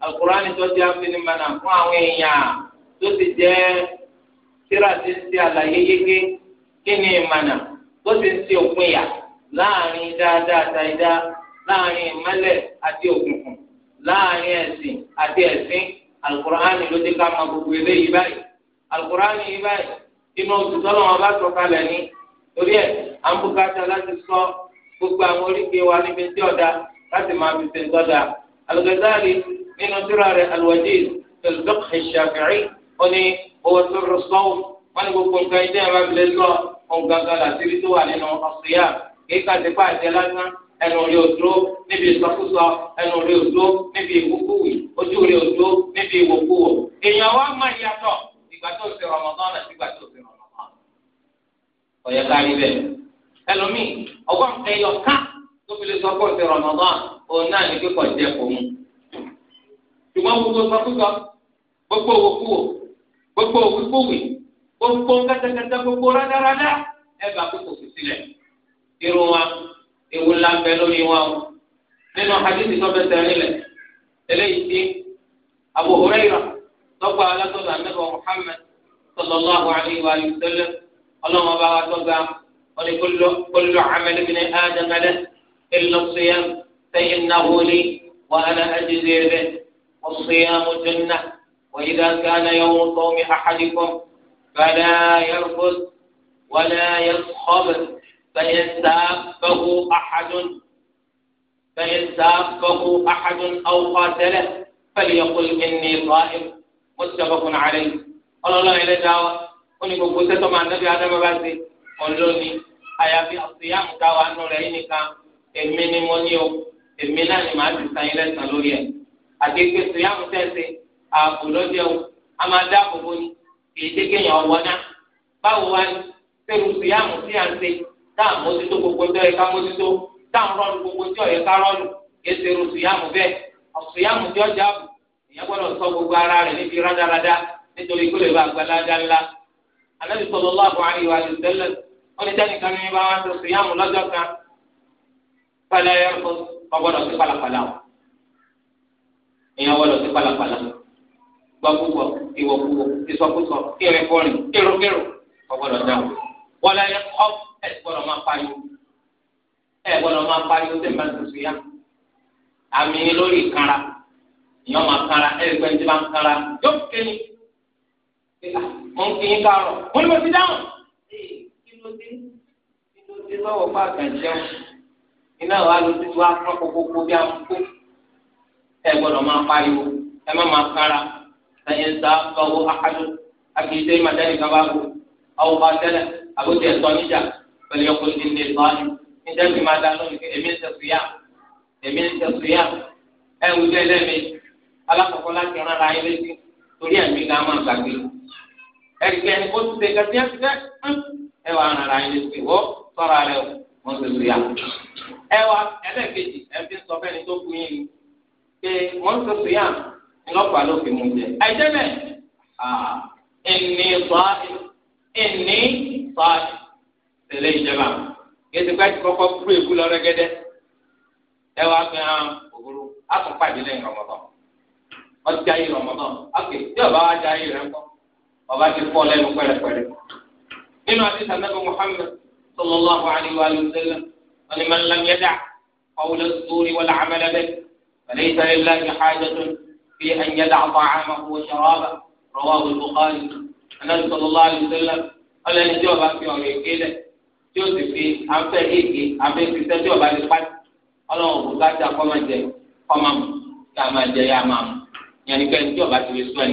alukurani tó ti mana fún àwọn èèyàn tó ti jẹ́ síra ti ṣe àlàyé yéké kí ni mana tó ti ń ṣe òpin yà láàrin dáadáa dáadáa láàrin àti òkùnkùn láàrin ẹ̀sìn àti ẹ̀sìn alukurani ló ti ká ma gbogbo báyìí alukurani yìí báyìí oṣù sọ kalẹ̀ torí ẹ̀ à ń bùkátà láti sọ gbogbo àwọn oríkèé wa níbi tí da. láti máa fi sèǹtọ́ da Al-Ghazali nínú tírà rẹ̀ Al-Wajiz tẹlifíkì ìṣàfihì ó ní owó tó rọ sọ́wọ́ wọn ní gbogbo nǹkan ẹjẹ ẹ máa fi lè lọ ohun gangan láti rí tó wà nínú ọ̀sùnyà kí ká ti pa àjẹ lásán ẹnu rí òdó níbi ìsọkúsọ ẹnu rí òdó níbi ìwúkúwì ojú rí òdó níbi ìwòkúwò èèyàn wa máa yàtọ̀ ìgbà tó ti Ramadan náà sígbà tó ti Ramadan ọ̀yẹ̀ká rí bẹ́ẹ̀ ẹlòmíì ọgbọ́n ẹ̀yọ̀ tóbi lè sọ pé òsè Ramadan òun náà ní kíkọ̀ jẹ́ òun. ṣùgbọ́n gbogbo sọkúsọ gbogbo òwòkúwò gbogbo òwìkúwì gbogbo kẹtẹkẹtẹ gbogbo rádaràdà ẹ bá kókò fi sílẹ̀. irun wa ewu ńlá ń bẹ lórí wa o nínú hadithi tó fẹsẹ̀ nílẹ̀ eléyìí ti Abu Hurayra tọ́gbà alásọ̀dọ̀ anábọ̀ Muhammad sallallahu alayhi wa sallam ọlọ́mọba wa tọ́gbà ọ̀nìkóló ádámẹ́lẹ́. إلا الصيام فإنه لي وأنا أجزي به والصيام جنة وإذا كان يوم صوم أحدكم فلا يرفث ولا يصخب فإن سابه أحد فإن سابه أحد أو قاتله فليقل إني صائم متفق عليه قال الله lẹ́dá wa ó ní مع النبي máa nẹ́bí adámẹ́bá sí ọ̀lọ́ni àyàfi àṣìyàmù táwa nù rẹ̀ èmi ni mo ní o èmi náà ni màá ti san ilé san lórí ẹ àdéhùn ètò yà mú tẹ̀sí ààbò lọ́jọ́ o a máa dá àbòbò ni kì í dé kéèyàn wọ náà báwo wá ní sẹ́rù sí yà mú sí à ń ṣe tá à mójútó gbogbo tó yẹ ká mójútó tá à ń rọ́ọ̀lù gbogbo tó yẹ ká rọ́ọ̀lù kì í sẹ́rù sí yà mú bẹ́ẹ̀ ọ̀sùn yà mú jọ́ jáàbù èèyàn gbọ́dọ̀ sọ gbogbo ara rẹ̀ níbi rádaràda nítorí kó lè bá àgbàlagbà ńlá anábì sallallahu alaihi wa sallam wọn ní jáde kan ní bá wọn sọ yà mú lọ́jọ́ kan fẹlẹ ẹkọ ọgbọdọ sí palapala o èèyàn gbọ́dọ̀ sí palapala gbọgbọgbọ ìwọkuwọ ìsọkúsọ ìrẹkọrin kérokérò ọgbọdọ dáhùn wọlé ẹkọ ẹ gbọ́dọ̀ máa pariwo ẹ gbọ́dọ̀ máa pariwo tẹ máa tuntun ya àmì lórí ìkara èèyàn máa kara ẹ gbẹ ní ti máa kara yóò kéyìn ah, mo ń kéyìn kárọ mo ní mo ti dáhùn kí ló dé kí ló dé lọ́wọ́ bá àgbà jẹun. iná wa ló ti wá pọ́n kókókó bí amúkó ẹ gbọ́dọ̀ máa pariwo ẹ má máa kára ẹ̀yìn sá lọ́wọ́ akadó akéde màdánì kan bá kú àwọn bá tẹ́lẹ̀ àbótí ẹ̀tọ́ níjà pẹ̀lú ọkọ̀ ní ilé níjà máa dá kí èmi ń yá èmi ń yá ẹ lẹ́mi alákọ̀ọ́kọ́ láti rán ara létí torí ẹ̀mí ga máa gbàgbé ẹ̀rì kẹ́ni kó ti ṣe ẹ wà rán ara létí wọ́ wọ́n ti sùn yà. ẹ wá ẹlẹ́ẹ̀kejì ẹ fi sọ fẹ́ni tó kú yín ni pé wọ́n ti sùn yà ńlọ́pàá ló fi mú jẹ. àìjẹ́ bẹ́ẹ̀ ẹni sọ́ọ́dì ẹni sọ́ọ́dì tẹ̀lé ìjọba kẹsìkọ́ ti kọ́kọ́ kúrò èkú lọ rẹ́gẹ́dẹ́ ẹ wá fi hàn òwúrò àtúnpàdé lẹ́yìn ọmọdé ọtí ayé ọmọdé ọkè tí ọba wa jẹ ayé rẹ ńkọ ọba ti fọ́ lẹ́nu pẹ́rẹpẹ́rẹ nínú àti sàmẹ́fọ́ Muhammad. صلى الله عليه وآله وسلم ولمن لم يدع قول الزور والعمل به فليس لله حاجة في أن يدع طعامه وشرابه رواه البخاري أن صلى الله عليه وسلم قال أن جواب في أولي كده جوزي في أمسا إيكي أمسا إيكي جواب على الفات ọlọ́run kò bá dà kọ́ máa jẹ kọ́ máa mú yá máa jẹ yá máa mú yẹnni kẹ́ni tí ọba ti fi sún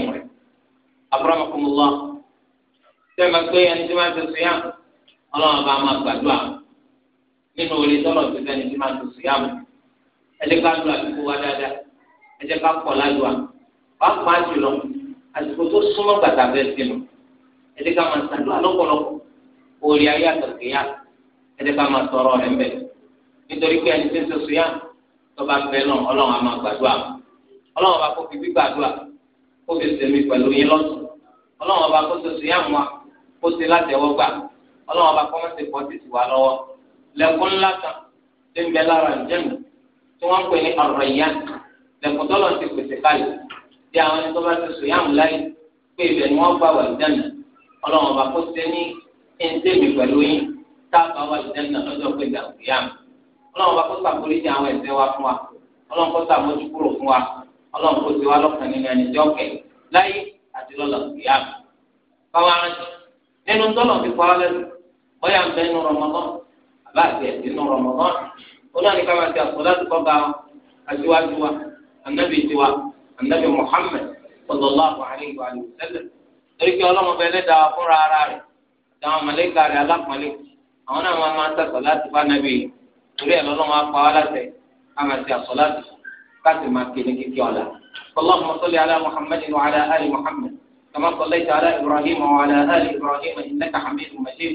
ọlọ́run bá máa gbàdúrà nínú orí tọ́lọ̀ tó fẹ́ni tí máa tó sí àmì ẹjẹ́ ká lu àdúgbò wa dáadáa ẹjẹ́ ká pọ̀ ládùá pàápàá jùlọ àsìkò tó súnmọ́ gbàtà bẹ́ẹ̀ sí nu ẹjẹ́ ká máa ṣàdúrà lọ́pọ̀lọpọ̀ orí ayé àtọ̀kẹ́yà ẹjẹ́ ká máa tọrọ rẹ̀ mbẹ́ nítorí pé ẹni tí ń sọ̀sọ̀ yá tọ́ba fẹ́ náà ọlọ́run á máa gbàdúrà ọlọ́run bá kó fi ọlọ́wọ́n bá kọ́mọ́sì pọ̀ títí wà lọ́wọ́ lẹ́kùn ńlá kan tó ń bẹ lára ìjẹ́nu tí wọ́n ń pè ní ọ̀rọ̀ ìyá lẹ́kùn tọ́lọ̀ ti pèsè kalẹ̀ bí àwọn ẹni tó bá ti sùn yáàmù láyé pé ibẹ̀ ni wọ́n bá wà ìjẹ́nu ọlọ́wọ́n bá kó sẹ́ ní ẹ̀ńtẹ́mì pẹ̀lú yín táàbà wà ìjẹ́nu lọ́jọ́ pé ìdàgbé yáàmù ọlọ́wọ́n bá kó sàkóríjì àwọn ẹ̀ṣẹ̀ bóyá ń bẹ nínú Ramadan àbá àti ẹ̀sìn nínú Ramadan olóòní ká máa ti àsọ̀láàtì kọ́ bá aṣíwájú wa anabi tiwa anabi Muhammad sallallahu alayhi wa sallam torí pé ọlọ́mọ bẹ lẹ́dàá fúnra ara rẹ̀ dáwọn mọ̀lẹ́kà rẹ̀ alápọ̀lẹ́ àwọn náà máa máa ń sàsọ̀láàtì bá nàbì torí ẹ̀ lọ́lọ́mọ apá wa láṣẹ ká máa ti káàtì máa kéde kíkẹ́ ọ̀la. اللهم صل على محمد وعلى آل محمد كما صليت على إبراهيم وعلى آل إبراهيم إنك حميد مجيد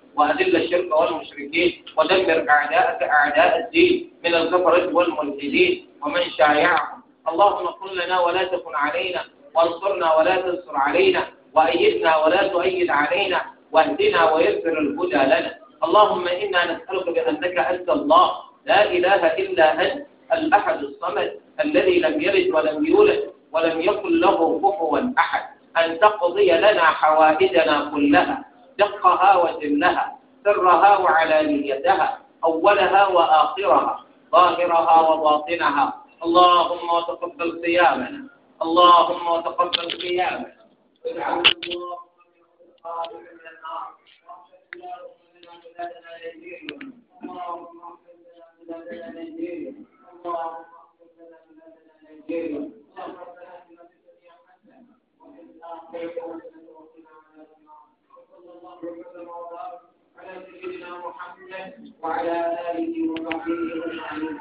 وأذل الشرك والمشركين ودمر أعداءك أعداء الدين من الكفرة والملحدين ومن شايعهم اللهم كن لنا ولا تكن علينا وانصرنا ولا تنصر علينا وأيدنا ولا تؤيد علينا واهدنا ويسر الهدى لنا اللهم إنا نسألك بأنك أنت الله لا إله إلا أنت الأحد الصمد الذي لم يلد ولم يولد ولم يكن له كفوا أحد أن تقضي لنا حوائجنا كلها دقها وجنها سرها وعلانيتها أولها وآخرها ظاهرها وباطنها اللهم وتقبل صيامنا اللهم وتقبل قيامنا Thank you. من النار اللهم اغفر لنا بلادنا اللهم اغفر لنا بلادنا اللهم اغفر لنا بلادنا وسلم وبارك على سيدنا محمد وعلى اله وصحبه اجمعين